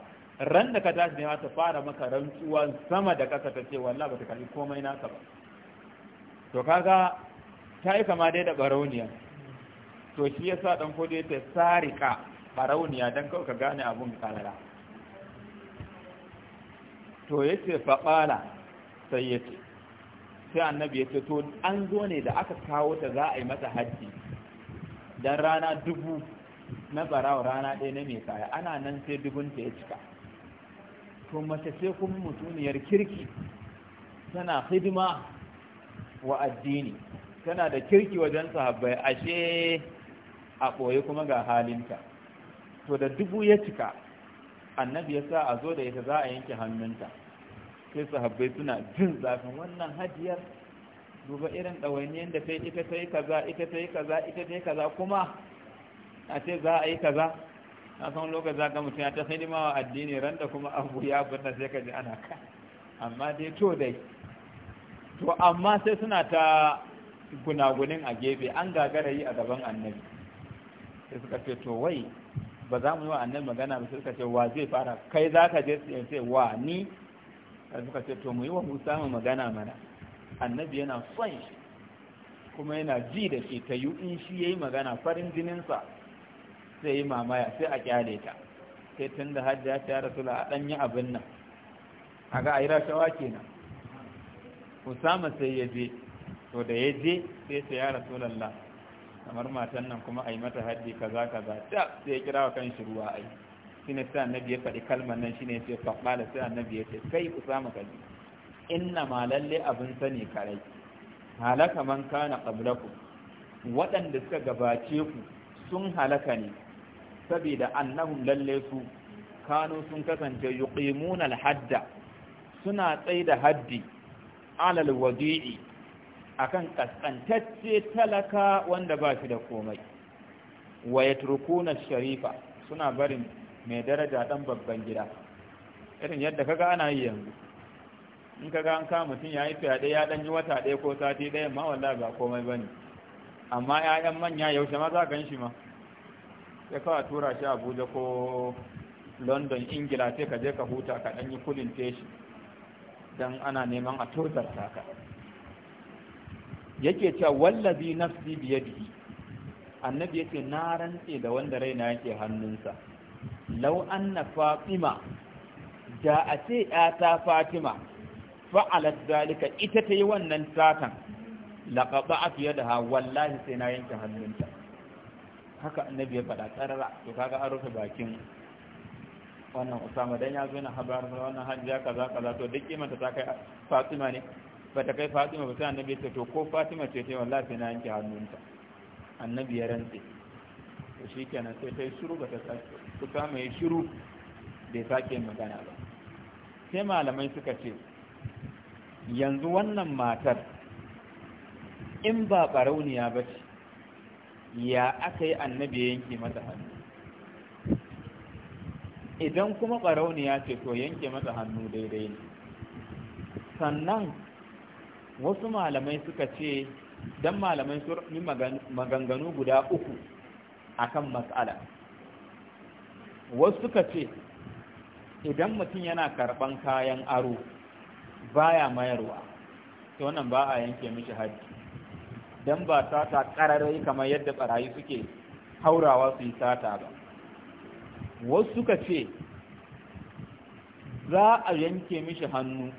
ran da ka tashi ne ma ta fara maka rantsuwa sama da kasa ta ce wallahi ba ta karbi komai naka ba to kaga ta yi kama dai da barauniya to shi ya sa dan kodo ya tsarika barauniya don kawai ka gane abun kalara to ce faɓala sai ce sai annabi ya ce to an zo ne da aka kawo ta za a yi mata hajji, don rana dubu na barawa rana ɗaya na mai kaya ana nan sai dubunta ya cika to mace sai kuma mutuniyar kirki tana hidima wa addini tana da kirki wajen sahabbai ashe a ɓoye kuma ga halinta to da dubu ya cika annabi ya sa a zo da ita za a yanke hannunta sai sahabbai suna jin zafin wannan hajiyar duba irin ɗawainiyar da ta yi ita ta yi kaza ita ta yi kaza ita ta yi kaza kuma a ce za a yi kaza na san lokacin za ka mutum ya ta hidima wa addini randa da kuma abu ya bunna sai ka ji ana ka amma dai to dai to amma sai suna ta gunagunin a gefe an gagara yi a gaban annabi sai suka ce to wai ba za mu yi wa annabi magana ba sai suka ce wa zai fara kai za ka je sai wa ni suka ce to mu yi wa musa mu magana mana annabi yana son shi kuma yana ji da shi ta yi in shi ya yi magana farin jininsa sai yi mamaya sai a kyale ta sai tun da hajji ya rasu a ɗanyi abin nan a ga a yi rashawa kenan usama sai ya je to da ya je sai sai ya lalla, kamar matan nan kuma a yi mata haddi kaza kaza ta sai ya kira wa kan shi ruwa ai ne sai annabi ya faɗi kalmar nan shi ne sai faɓɓala sai annabi ya ce kai usama kaji inna ma lalle abin sani karai halaka man kana qablakum waɗanda suka gabace ku sun halaka ne saboda annahum lalle su kano sun kasance yuqimuna al-hadda suna tsaida haddi alal wadi'i akan kaskantacce talaka wanda ba shi da komai wa sharifa suna barin mai daraja dan babban gida irin yadda kaga ana yi yanzu in kaga an ka mutum ya yi fyaɗe ya ɗan yi wata ɗaya ko sati ɗaya ma wallahi ba komai bane amma 'ya'yan manya yaushe ma za ka gan shi ma sai kawai tura shi Abuja ko London Ingila sai ka je ka huta ka ɗan yi kulin teshi dan ana neman a tozarta ka yake cewa wallazi nafsi biyadihi annabi yake na rantse da wanda raina yake hannunsa law anna fatima da a ce ta fatima fa'alat zalika ita ta yi wannan satan laƙaɓa fiye da ha wallahi sai na yanke hannunta haka annabi ya faɗa tsarara to kaga an rufe bakin wannan usama dan ya zo na habar wannan hajja kaza kaza to duk kimanta ta kai fatima ne ba ta kai fatima ba sai annabi ce to ko fatima ce ce wallahi sai na yanke hannunta annabi ya rantse to shikenan sai ta yi shiru ba ta sake usama ya shiru bai sake magana ba sai malamai suka ce yanzu wannan matar in ba barauniya ba ce ya aka yi annabi yanke mata hannu idan kuma barauniya ce to yanke masa hannu daidai ne sannan wasu malamai suka ce dan malamai sun yi maganganu guda uku akan matsala wasu suka ce idan mutum yana karɓan kayan aro baya mayarwa to wannan ba a yanke mishi haji dan ba sata ƙararrai kamar yadda barayi suke haurawa su yi sata ba wasu suka ce za a yanke mishi hannu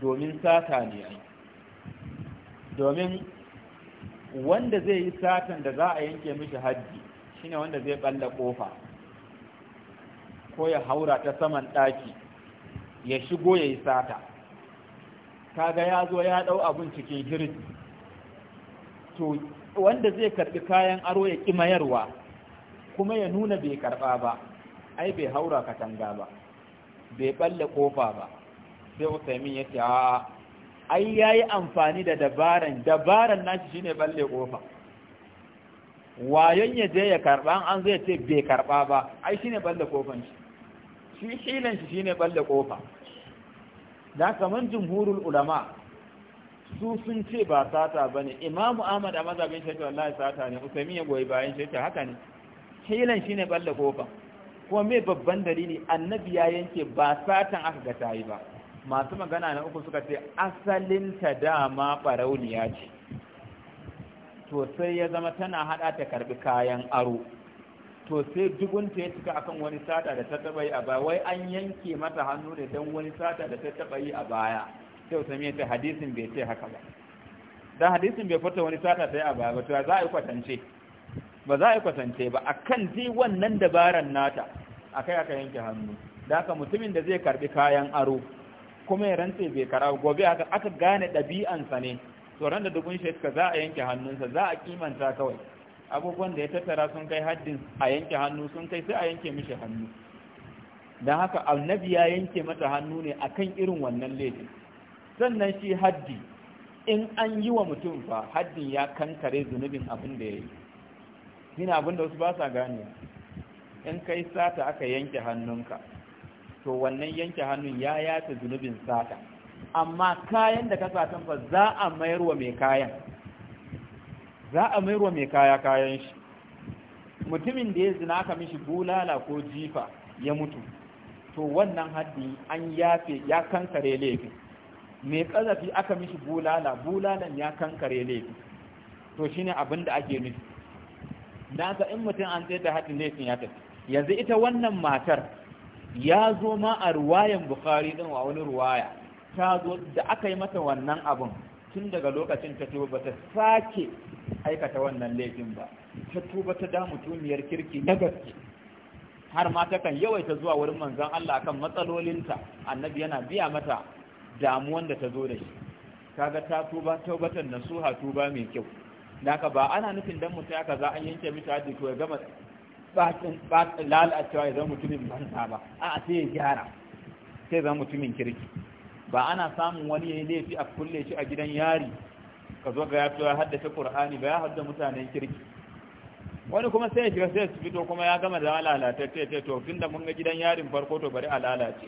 domin sata ne domin wanda zai yi satan da za a yanke mishi haddi shine wanda zai balla kofa ko ya haura ta saman ɗaki ya shigo ya yi sata kaga ya zo ya ɗau abin cikin hirji to wanda zai karɓi kayan aro ya ƙi kuma ya nuna bai karɓa ba ai bai haura katanga ba bai balle kofa ba sai usaimin ya ce a ai yi amfani da dabaran dabaran nashi ne balle kofa wayon ya je ya karɓa an zai ce bai karɓa ba ai shi ne balle kofan shi shi hilan shi ne balle kofa da kaman jumhurul ulama su sun ce ba sata bane imamu ahmad a mazhabin shafi wallahi sata ne usaimin ya goyi bayan shafi haka ne hilan shine balle kofa ko me babban dalili annabi ya yanke ba satan aka ga tayi ba masu magana na uku suka ce asalin ta dama barauniya ce to sai ya zama tana hada ta karbi kayan aro to sai dugunta ya cika akan wani sata da ta taba yi a baya wai an yanke mata hannu da dan wani sata da ta taba yi a baya sai usami ta hadisin bai ce haka ba da hadisin bai fata wani sata ta yi a baya ba to za a yi kwatance ba za a kwatance ba A akan ji wannan dabaran nata A kai aka yanke hannu da haka mutumin da zai karbi kayan aro kuma ya rantse bai kara gobe aka aka gane ɗabi'ansa ne to ran da dubun ka za a yanke hannunsa za a kimanta kawai abubuwan da ya tattara sun kai haddin a yanke hannu sun kai sai a yanke mishi hannu don haka annabi ya yanke mata hannu ne akan irin wannan laifin sannan shi haddi in an yi wa mutum fa haddin ya kankare zunubin abin da ya yi shine abin da wasu ba sa gane in kai sata aka yanke hannunka to wannan yanke hannun ya yata zunubin sata amma kayan da ka satan fa za a mayarwa mai kayan za a mayarwa mai kaya kayan shi mutumin da ya zina aka mishi bulala ko jifa ya mutu to wannan haddi an yafe ya kankare laifi mai kazafi aka mishi bulala bulalan ya kankare laifi. to shine abin da ake nufi da haka in mutum an tsaye da haɗin laifin ya tafi yanzu ita wannan matar ya zo ma a ruwayan bukari ɗin wa wani ruwaya ta zo da aka yi mata wannan abin tun daga lokacin ta tuba ta sake aikata wannan laifin ba ta tuba ta damu tuniyar kirki na gaske har ma ta kan yawaita zuwa wurin manzon Allah kan matsalolinta annabi yana biya mata damuwan da ta zo da shi kaga ta tuba taubatan nasuha tuba mai kyau da ka ba ana nufin dan mutum ya kaza an yanke mishi haji ko ya gama batin batin lalacewa ya zama mutumin banza ba a sai ya gyara sai zama mutumin kirki ba ana samun wani ya yi laifi a kulle shi a gidan yari ka zo ga ya fito ya haddace qur'ani ba ya haddace mutanen kirki wani kuma sai ya shiga sai su fito kuma ya gama zama lalatacce ce to tunda mun ga gidan yarin farko to bari a lalace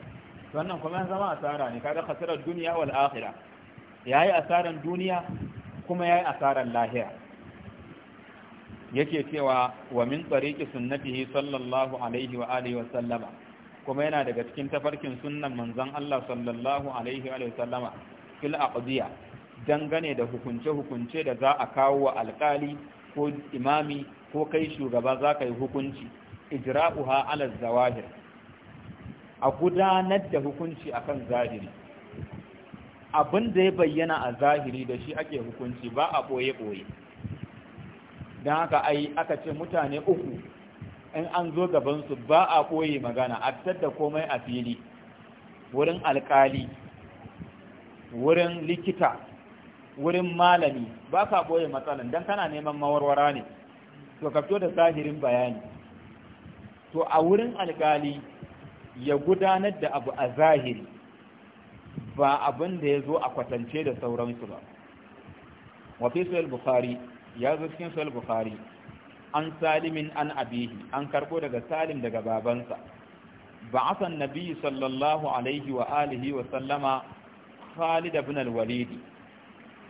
wannan kuma ya zama asara ne kaga khasarar duniya wal akhirah yayi asaran duniya kuma yayi asaran lahira yake cewa wa min tsariki sunnatihi sallallahu alaihi wa alihi wa sallama kuma yana daga cikin tafarkin sunnan manzon Allah sallallahu alaihi wa sallama fil aqdiya dangane da hukunce hukunce da za a kawo wa alkali ko imami ko kai shugaba za ka yi hukunci ijra'uha ala zawahir a gudanar da hukunci akan zahiri abin da ya bayyana a zahiri da shi ake hukunci ba a boye boye don haka ai aka ce mutane uku in an zo gabansu ba a ɓoye magana a fitar da komai a fili wurin alkali wurin likita wurin malami ba ka ɓoye matsalan don kana neman mawarwara ne to ka da zahirin bayani to a wurin alkali ya gudanar da abu a zahiri ba abin da ya zo a kwatance da sauransu ba wafi sahih bukhari ya zo cikin sahih bukhari an salimin an abihi an karbo daga salim daga babansa ba'atha an-nabi sallallahu alaihi wa alihi wa sallama Khalid ibn al-Walid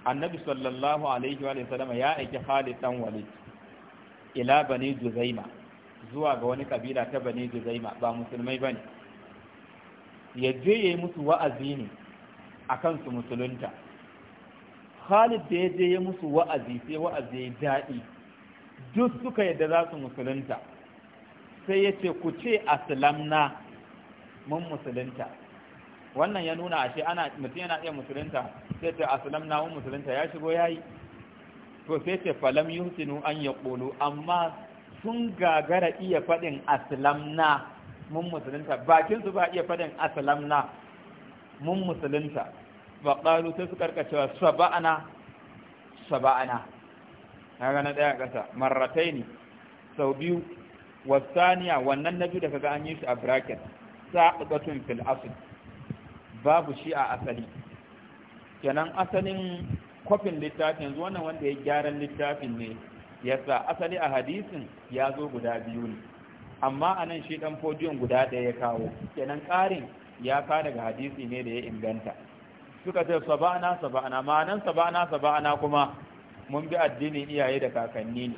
annabi sallallahu alaihi wa sallama ya aiki Khalid dan Walid ila bani Juzaima zuwa ga wani kabila ta bani Juzaima ba musulmai bane ya je yayi musu wa'azi ne akan su musulunta Khalid da ya je ya musu wa'azi sai wa'azi ya daɗi duk suka yadda za su musulunta sai ya ce ku ce aslamna mun musulunta wannan ya nuna ashe ana mutum yana iya musulunta sai ce aslamna mun musulunta ya shigo yayi to sai ce falam yuhsinu an yaqulu amma sun gagara iya faɗin aslamna mun musulunta bakin su ba iya faɗin aslamna mun musulunta faƙalu sai su karkacewa saba'ana saba'ana ya na ɗaya ƙasa marratai ne sau biyu wasaniya wannan na biyu da kaga an yi shi a bracket sa'idatun fil asali babu shi a asali kenan asalin kofin littafin yanzu wannan wanda ya gyaran littafin ne yasa asali a hadisin ya zo guda biyu ne amma a nan shi ɗan fodiyon guda ɗaya ya kawo kenan ƙarin ya fara daga hadisi ne da ya inganta suka ce saba'ana saba'ana ma'anan saba'ana saba'ana kuma mun bi addinin iyaye da kakanni ne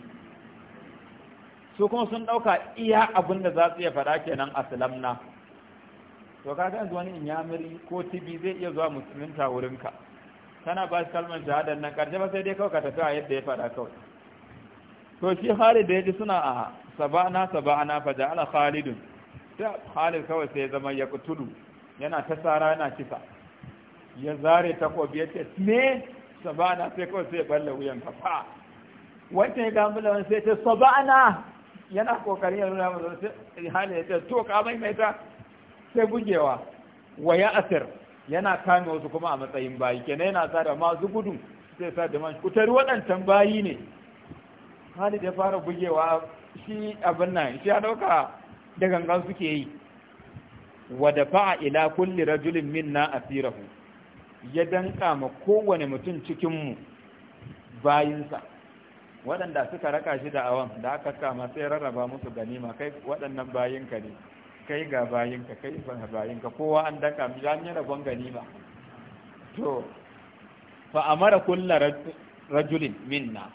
su kuma sun ɗauka iya abin da za su iya faɗa kenan aslamna to kaga yanzu wani inyamiri ko tibi zai iya zuwa musulunta wurinka kana ba shi kalmar shahadar nan karshe ba sai dai kawai ka tafi a yadda ya faɗa kawai to shi Khalid da ya ji suna a saba'ana saba'ana fa ja'ala Khalidun sai Khalid kawai sai ya zama ya kutudu yana ta sara yana kisa ya zare takobi ya ce ne sabana sai kawai sai balle wuyan kafa wancan ya gamu da wani sai ce sabana yana kokarin yanzu nuna mazan sai hali ya ce to ka mai mai sai bugewa wa ya asir yana kame wasu kuma a matsayin bayi kenan yana sa da masu gudu sai sa da man kutari waɗancan bayi ne hali da fara bugewa shi abin nan shi ya dauka da gangan suke yi wa fa'a ila kulli rajulin minna asirahu ya danka ma kowane mutum cikinmu bayinsa waɗanda suka raka shi da awan da aka kama sai rarraba musu ganima kai waɗannan bayinka ne kai ga bayinka kai ga bayinka kowa an danka mu ya ne rabon ganima to fa amara kullu rajulin minna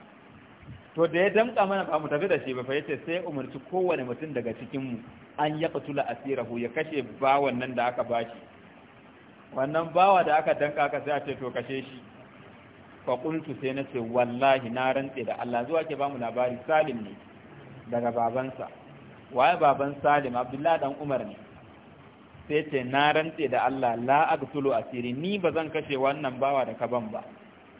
to da ya danka mana ba mu tafi da shi ba fa yace sai umarci kowane mutum daga cikin mu an ya tula asirahu ya kashe bawan nan da aka bashi wannan bawa da aka danka ka sai a ce to kashe shi fa qultu sai ce wallahi na rantse da Allah zuwa ke bamu labari Salim ne daga babansa waye baban Salim Abdullahi dan Umar ne sai ce na rantse da Allah la aqtulu asiri ni bazan kashe wannan bawa da kaban ba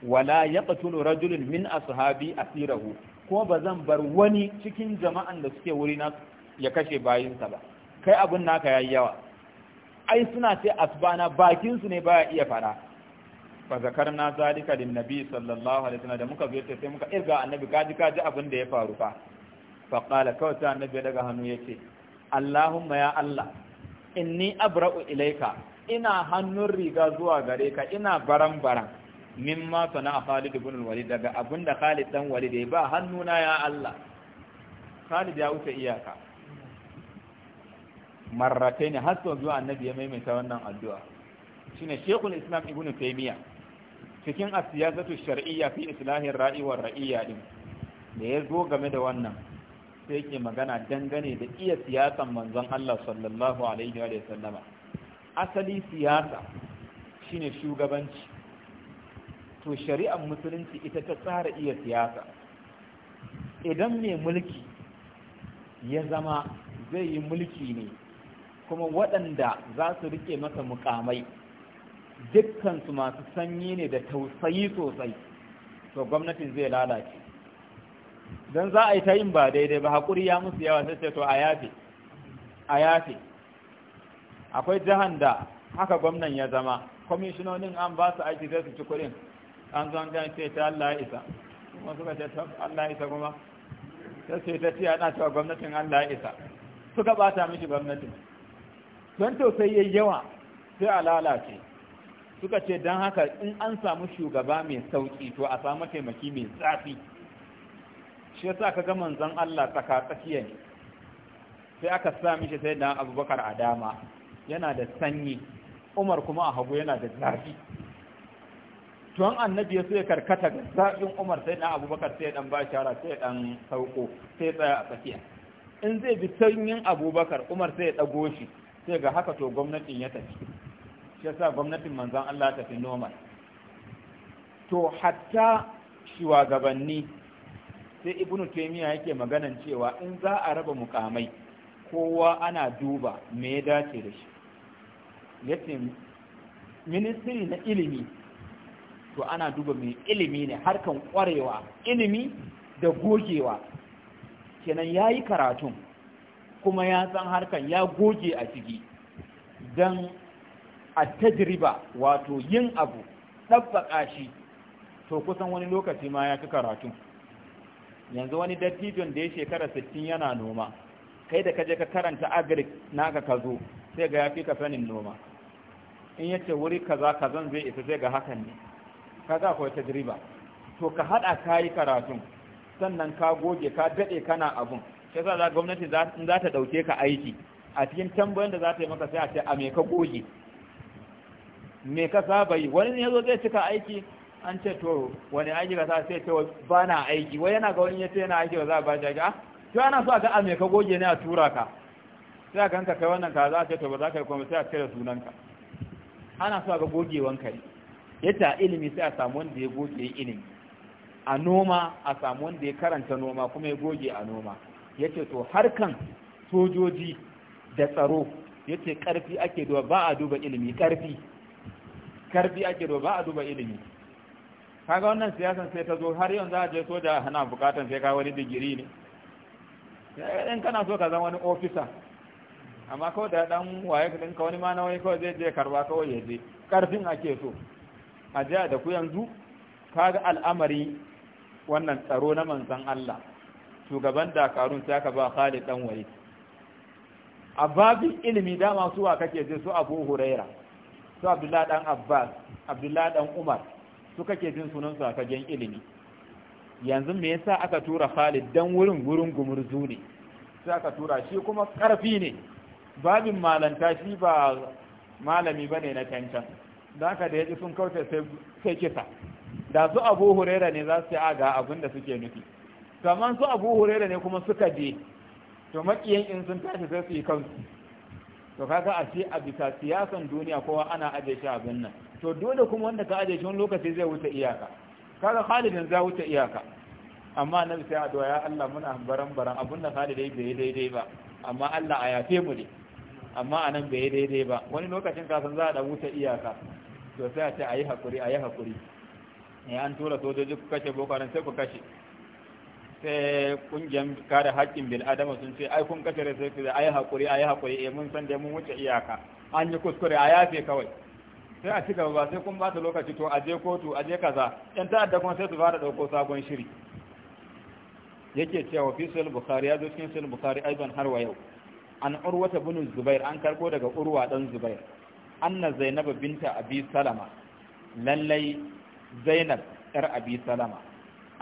wala yaqtulu rajulun min ashabi asirahu ko bazan bar wani cikin jama'an da suke wurina ya kashe bayinsa ba kai abun naka yayi yawa ai suna ce asbana bakin su ne baya iya fara fa zakarna zalika lin nabi sallallahu alaihi wasallam da muka ziyarta sai muka irga annabi kaji kaji abin da ya faru fa fa qala kawai sai annabi daga hannu yace Allahumma ya Allah inni abra'u ilaika ina hannun riga zuwa gare ka ina baran baran mimma sana'a Khalid ibn Walid daga abinda Khalid dan Walid ya ba hannuna ya Allah Khalid ya wuce iyaka marratai ne har sau zuwa annabi ya maimaita wannan addu'a shine shekul islam ibn taymiya cikin asiyasatu shar'iyya fi islahin ra'i ra'iyya din da ya zo game da wannan sai yake magana dangane da iya siyasan manzon Allah sallallahu alaihi wa sallama asali siyasa shine shugabanci to shari'ar musulunci ita ta tsara iya siyasa idan mai mulki ya zama zai yi mulki ne kuma waɗanda za su rike masa mukamai dukkansu masu sanyi ne da tausayi sosai to gwamnatin zai lalace don za a yi ta yin ba daidai ba haƙuri ya musu yawa sai to a yafe a yafe akwai jihar da haka gwamnan ya zama kwamishinonin an ba su aiki zai su ci kuɗin an zo an gan ce ta Allah ya isa kuma suka ce ta Allah ya isa kuma sai ce ta ce ana cewa gwamnatin Allah ya isa suka bata mishi gwamnatin don tausayi yi yawa sai a lalace suka ce don haka in an samu shugaba mai sauki to a samu taimaki mai zafi shi yasa ka ga manzon Allah tsaka tsakiya ne sai aka sa mishi sai da Abubakar a dama yana da sanyi Umar kuma a hagu yana da zafi tuwon annabi ya ya karkata ga zafin umar sai na abubakar sai dan bashara sai dan sauko sai tsaya a tsakiya in zai bi sanyin abubakar umar sai ya dago shi sai ga haka to gwamnatin ya tafi shi yasa gwamnatin manzon Allah ta fi normal to hatta shugabanni sai ibnu taymiya yake maganan cewa in za a raba mukamai kowa ana duba me ya dace da shi yace ministry na ilimi to ana duba mai ilimi ne harkan kwarewa ilimi da gogewa kenan yayi karatun kuma ya san harkan ya goge a ciki don a tajriba wato yin abu ɗabbaƙa shi to kusan wani lokaci ma ya fi karatu yanzu wani dattijon da ya shekara sittin yana noma kai da kaje ka karanta agric naka ka zo sai ga ya fi ka sanin noma in ya ce wuri kaza kazan zai isa sai ga hakan ne Ka za akwai tajriba to ka haɗa kayi karatu sannan ka goge ka daɗe kana abun sai za gwamnati za ta ɗauke ka aiki a cikin tambayin da za ta yi maka sai a ce a me ka goge me ka saba yi wani ne yazo zai cika aiki an ce to wani aiki ka sa sai ce ba na aiki wai yana ga wani ya ce yana aiki ba za a ba shi aiki ah, to ana so a ga a me ka goge ne a tura ka sai a ganka kai wannan ka za a ce to ba za ka yi kuma sai a cire sunanka ana so a ga gogewan kai yadda ilimi sai a samu wanda ya goge ilimi a noma a samu wanda ya karanta noma kuma ya goge a noma yace to harkan sojoji da tsaro yace karfi ake duba ba a duba ilimi karfi karfi ake duba ba a duba ilimi kaga wannan siyasan sai ta zo har yanzu a je soja ana bukatan sai ka wani digiri ne eh, in kana so ka zama wani ofisa amma kawai da dan waye ka wani ma na wani kawai zai je karba kawai ya je karfin ake so a da ku yanzu kaga al'amari wannan tsaro na manzon Allah shugaban dakarun sai aka ba Khalid dan Walid a babin ilimi dama su wa kake jin su Abu Huraira su Abdullah dan Abbas Abdullah dan Umar su kake jin sunan su aka gen ilimi yanzu me yasa aka tura Khalid dan wurin gurin gumurzu ne sai aka tura shi kuma karfi ne babin malanta shi ba malami bane na tantan da da yaji sun kauce sai kisa da su Abu Huraira ne za su yi aga abin da suke nufi to amma su abu hurera ne kuma suka je to makiyan in sun tashi sai su yi kansu to kaga a ce a bisa siyasan duniya kowa ana aje shi abin nan to dole kuma wanda ka aje shi wani lokaci zai wuce iyaka kaga Khalidin za wuce iyaka amma annabi sai addu'a ya Allah muna baran baran da Khalid dai bai daidai ba amma Allah a yafe mu ne amma anan bai daidai ba wani lokacin kasan za a da wuce iyaka to sai a ce ayi hakuri ayi hakuri ya eh, an tura sojoji ku kashe boko sai ku kashe sai kungiyar kare haƙƙin bil adama sun ce ai kun kashe sai sai ai hakuri ai hakuri eh mun san da mun wuce iyaka an yi kuskure a yafe kawai sai a ci gaba ba sai kun ba lokaci to a aje kotu aje kaza yan ta'adda kuma sai su fara dauko sabon shiri yake cewa fi sul bukhari ya zo cikin sul bukhari ban har wa yau an urwata bin zubair an karko daga urwa dan zubair anna zainab binta abi salama lallai zainab yar abi salama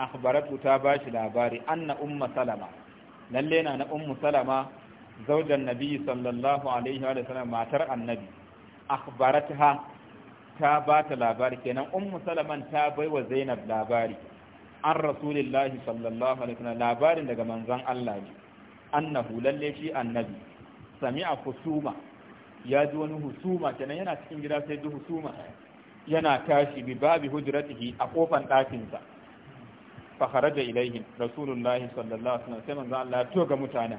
akhbaratu ta bashi labari anna umma salama lalle na na ummu salama zaujan nabi sallallahu alaihi wa sallam matar annabi akhbaratha ta ba ta labari kenan ummu salaman ta baiwa zainab labari an rasulillahi sallallahu alaihi wasallam labarin daga manzon Allah ne annahu lalle shi annabi sami'a husuma ya ji wani husuma kenan yana cikin gida sai ji husuma yana tashi bi babi hujratihi a kofan ɗakinsa fa kharaja ilaihim rasulullahi sallallahu alaihi wasallam sai manzo Allah ya to ga mutanen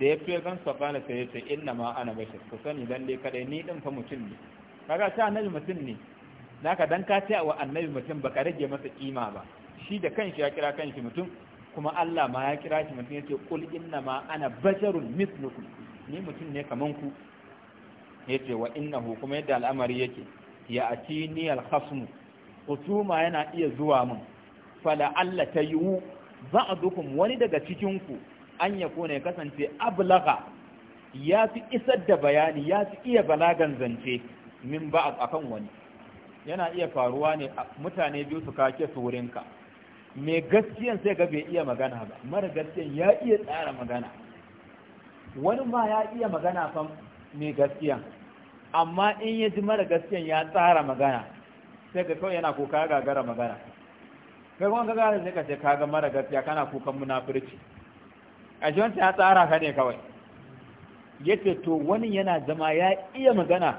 da ya fiye gan sa bana sai ya ce inna ma ana bashar ku sani dan dai kadai ni din fa mutum ne kaga ta annabi mutum ne naka dan ka ce wa annabi mutum baka rage masa kima ba shi da kanshi ya kira kanshi mutum kuma Allah ma ya kira shi mutum yace qul inna ma ana basharun mithlukum ni mutum ne kaman ku yace wa innahu kuma yadda al'amari yake ya atini al-khasm yana iya zuwa min fala'alla ta yiwu ba'dukum wani daga cikinku an ya kone kasance ablaga ya fi isar da bayani ya fi iya balagan zance min a akan wani yana iya faruwa ne mutane biyu su kake su wurinka mai gaskiyan sai ga bai iya magana ba mara gaskiyan ya iya tsara magana wani ma ya iya magana kan mai gaskiyan amma in ya ji mara gaskiyan ya tsara magana sai ga kawai yana kuka gagara magana kai kuma ka gane sai ka ce kaga mara gaskiya kana kukan munafurci a shi wancan ya tsara ka ne kawai yace to wani yana zama ya iya magana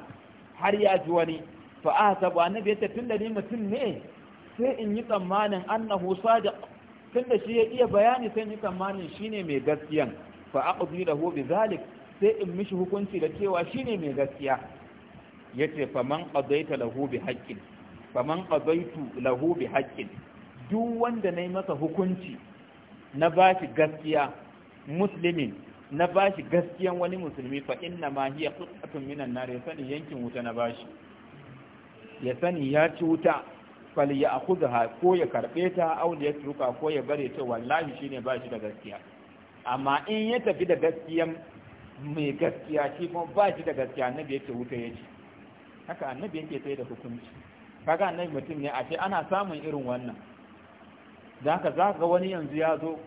har ya ji wani fa asabu annabi yace da ni mutum ne sai in yi tsammanin annahu sadiq da shi ya iya bayani sai in yi tsammanin shine mai gaskiyan fa aqdi lahu bizalik sai in mishi hukunci da cewa shine mai gaskiya yace faman qadaita lahu bi haƙƙin. faman qadaitu lahu bi haƙƙin. duk wanda na yi masa hukunci na ba shi gaskiya muslimin na ba shi gaskiyan wani musulmi fa inna ma hiya qut'atun minan nar ya sani yankin wuta na bashi ya sani ya ci wuta fal ya akhudha ko ya karbe ta aw ya turuka ko ya bare ta wallahi shine ba shi da gaskiya amma in ya tafi da gaskiyan mai gaskiya shi kuma ba shi da gaskiya annabi yake wuta yake haka annabi yake sai da hukunci kaga annabi mutum ne a ce ana samun irin wannan da haka za ga wani yanzu ya zo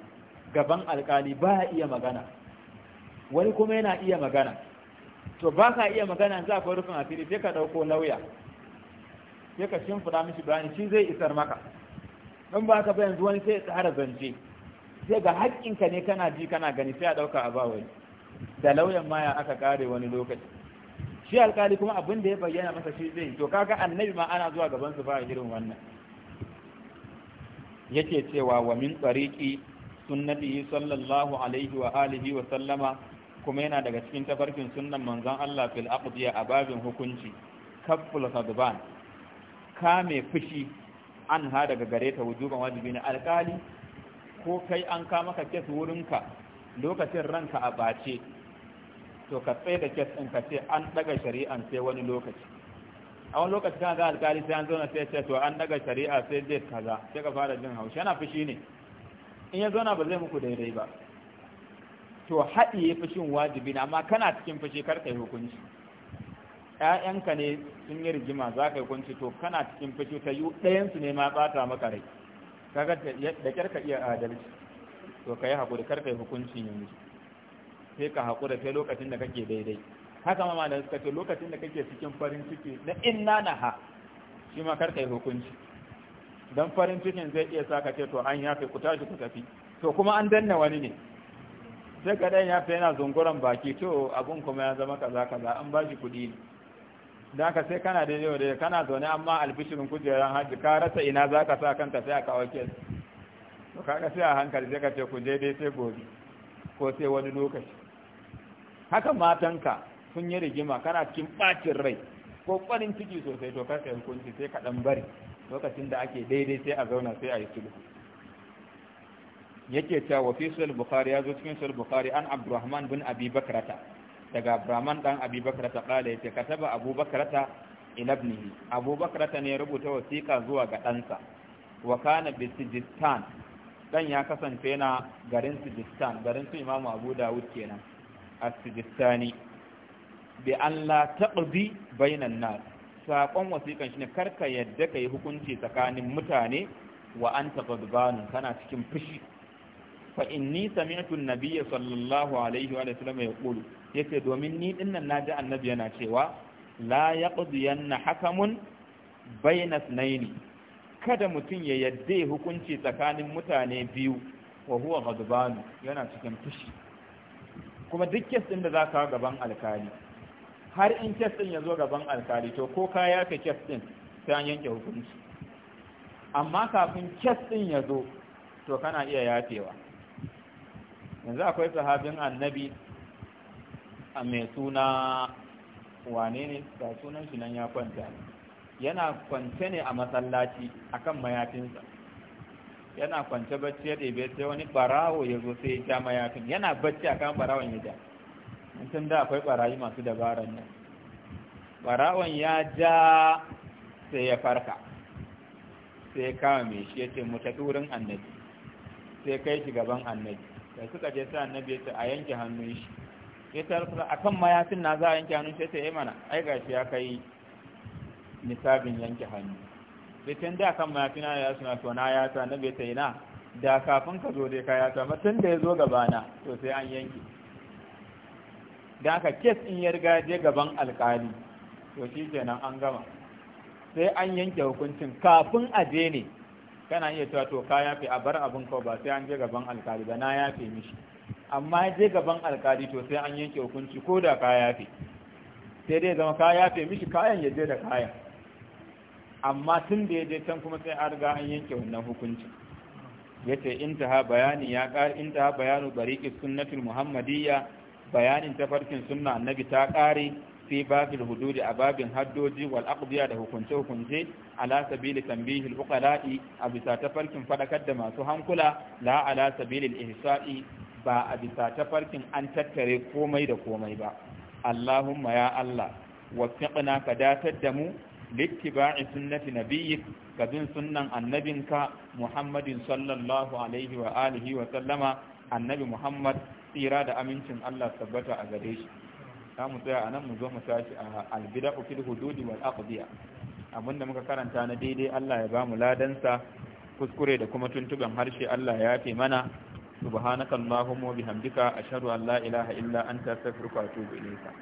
gaban alkali ba iya magana wani kuma yana iya magana to ba ka iya magana za ka rufin asiri sai ka ɗauko lauya sai ka shimfiɗa mishi bayani shi zai isar maka in ba ka yanzu wani sai tsara zance sai ga haƙƙinka ne kana ji kana gani sai a ɗauka a bawai da lauyan maya aka kare wani lokaci shi alkali kuma abin da ya bayyana masa shi zai to kaga annabi ma ana zuwa gaban su ba irin wannan yake cewa wa min tsariki sunnati sallallahu alaihi wa alihi wa sallama kuma yana daga cikin tafarkin sunnan manzon Allah fil aqdiya a babin hukunci kafful ghadban kame fushi an ha daga gare ta wujuban wajibi na alkali ko kai an ka maka kes wurinka lokacin ranka a bace to ka tsaye da kes ɗin ka ce an ɗaga shari'an sai wani lokaci a wani lokaci kan ga alkali sai an zo na sai ce to an daga shari'a sai zai kaza sai ka fara jin haushi yana fushi ne in ya zauna ba zai muku daidai ba to haɗiye fushin wajibi ne amma kana cikin fushi kar ka yi hukunci ƴaƴanka ne sun yi rigima za ka yi hukunci to kana cikin fushi ta yi ɗayansu ne ma ɓata maka rai kaga da kyar ka iya adalci to ka yi haƙuri kar ka yi hukunci yanzu sai ka haƙura sai lokacin da kake daidai haka ma malam suka ce lokacin da kake cikin farin ciki na inna ha shi ma kar kai hukunci dan farin cikin zai iya saka ce to an yafe ku tashi ku tafi to kuma an danna wani ne sai ka dan yafe yana zunguran baki to abun kuma ya zama kaza kaza an ba shi kuɗi ne da ka sai kana daidai da kana zaune amma albishirin kujeran hajji ka rasa ina za ka sa kanka sai a kawo to kaga sai a hankali sai ka ce ku dai sai gobe ko sai wani lokaci haka matanka kun yi rigima kana cikin ɓacin rai ko farin ciki sosai to kasa hukunci sai ka ɗan bari lokacin da ake daidai sai a zauna sai a yi sulhu yake cewa wa fi sul bukhari ya zo cikin sul bukhari an abdurrahman bin abi bakrata daga abdurrahman dan abi bakrata kala yace kataba abu bakrata ila ibnihi abu bakrata ne ya rubuta wasiƙa zuwa ga ɗansa wa kana bi sijistan dan ya kasance na garin sijistan garin su imamu abu dawud kenan as-sijistani bi Allah taqdi bainan nas sakon wasiƙan shine karka yadda kai hukunci tsakanin mutane wa anta ghadban kana cikin fushi fa inni sami'tu an-nabiyya sallallahu alaihi wa sallam yaqulu yace domin ni nan naji annabi yana cewa la yaqdiyanna hakamun bainas naini kada mutum ya yadda hukunci tsakanin mutane biyu wa huwa ghadban yana cikin fushi kuma duk kes din da zaka gaban alkali har in kes ɗin ya zo gaban alkali to ko ka yafe kes ɗin sai an yanke hukunci amma kafin kes ɗin ya zo to kana iya yafewa yanzu akwai sahabin annabi a mai suna wane ne ga sunan shi nan ya kwanta yana kwance ne a masallaci akan mayafinsa yana kwance bacci ya ɗebe sai wani barawo ya zo sai ya ja mayafin yana bacci akan barawon ya ja mutum da akwai ɓarayi masu dabaran nan ɓarawon ya ja sai ya farka sai ya kama mai shi ya ce mu tafi wurin annabi sai kai shi gaban annabi da suka je sa annabi ya ce a yanke hannun shi ya ta rasu a kan mayafin na za a yanke hannun shi ya ce ya eh mana ai gashi ya kai nisabin yanke hannu sai can da kan mayafin na ya suna sona ya ta annabi ya ce na da kafin ka zo dai ka ya ta matan da ya zo gabana to sai an yanke da aka kes in ya riga je gaban alkali to shi kenan an gama sai an yanke hukuncin kafin a je ne kana iya cewa to ka yafe a bar abin ko ba sai an je gaban alkali ba na yafe mishi amma je gaban alkali to sai an yanke hukunci ko da ka yafe sai dai zama ka yafe mishi kayan ya je da kayan amma tun da ya je can kuma sai an riga an yanke wannan hukuncin yace intaha bayani ya kar intaha bayanu bariqis sunnatul muhammadiyya bayanin tafarkin sunna annabi ta ƙare fi babil hududi a babin haddoji wal da hukunce hukunce ala sabili tanbihil uqala'i a bisa tafarkin faɗakar da masu hankula la ala sabilil ihsa'i ba a bisa tafarkin an tattare komai da komai ba Allahumma ya Allah waffiqna ka datar da mu littiba'i sunnati nabiyyi ka bin sunnan annabinka Muhammadin sallallahu alaihi wa alihi wa sallama annabi Muhammad tsira da amincin Allah tabbata a gare shi za mu tsaya a nan mu zo mu tashi a albida fil hududi wal aqdiya abinda muka karanta na daidai Allah ya bamu ladansa kuskure da kuma tuntuban harshe Allah ya yafe mana subhanakallahumma wa bihamdika ashhadu an la ilaha illa anta astaghfiruka wa atubu ilayka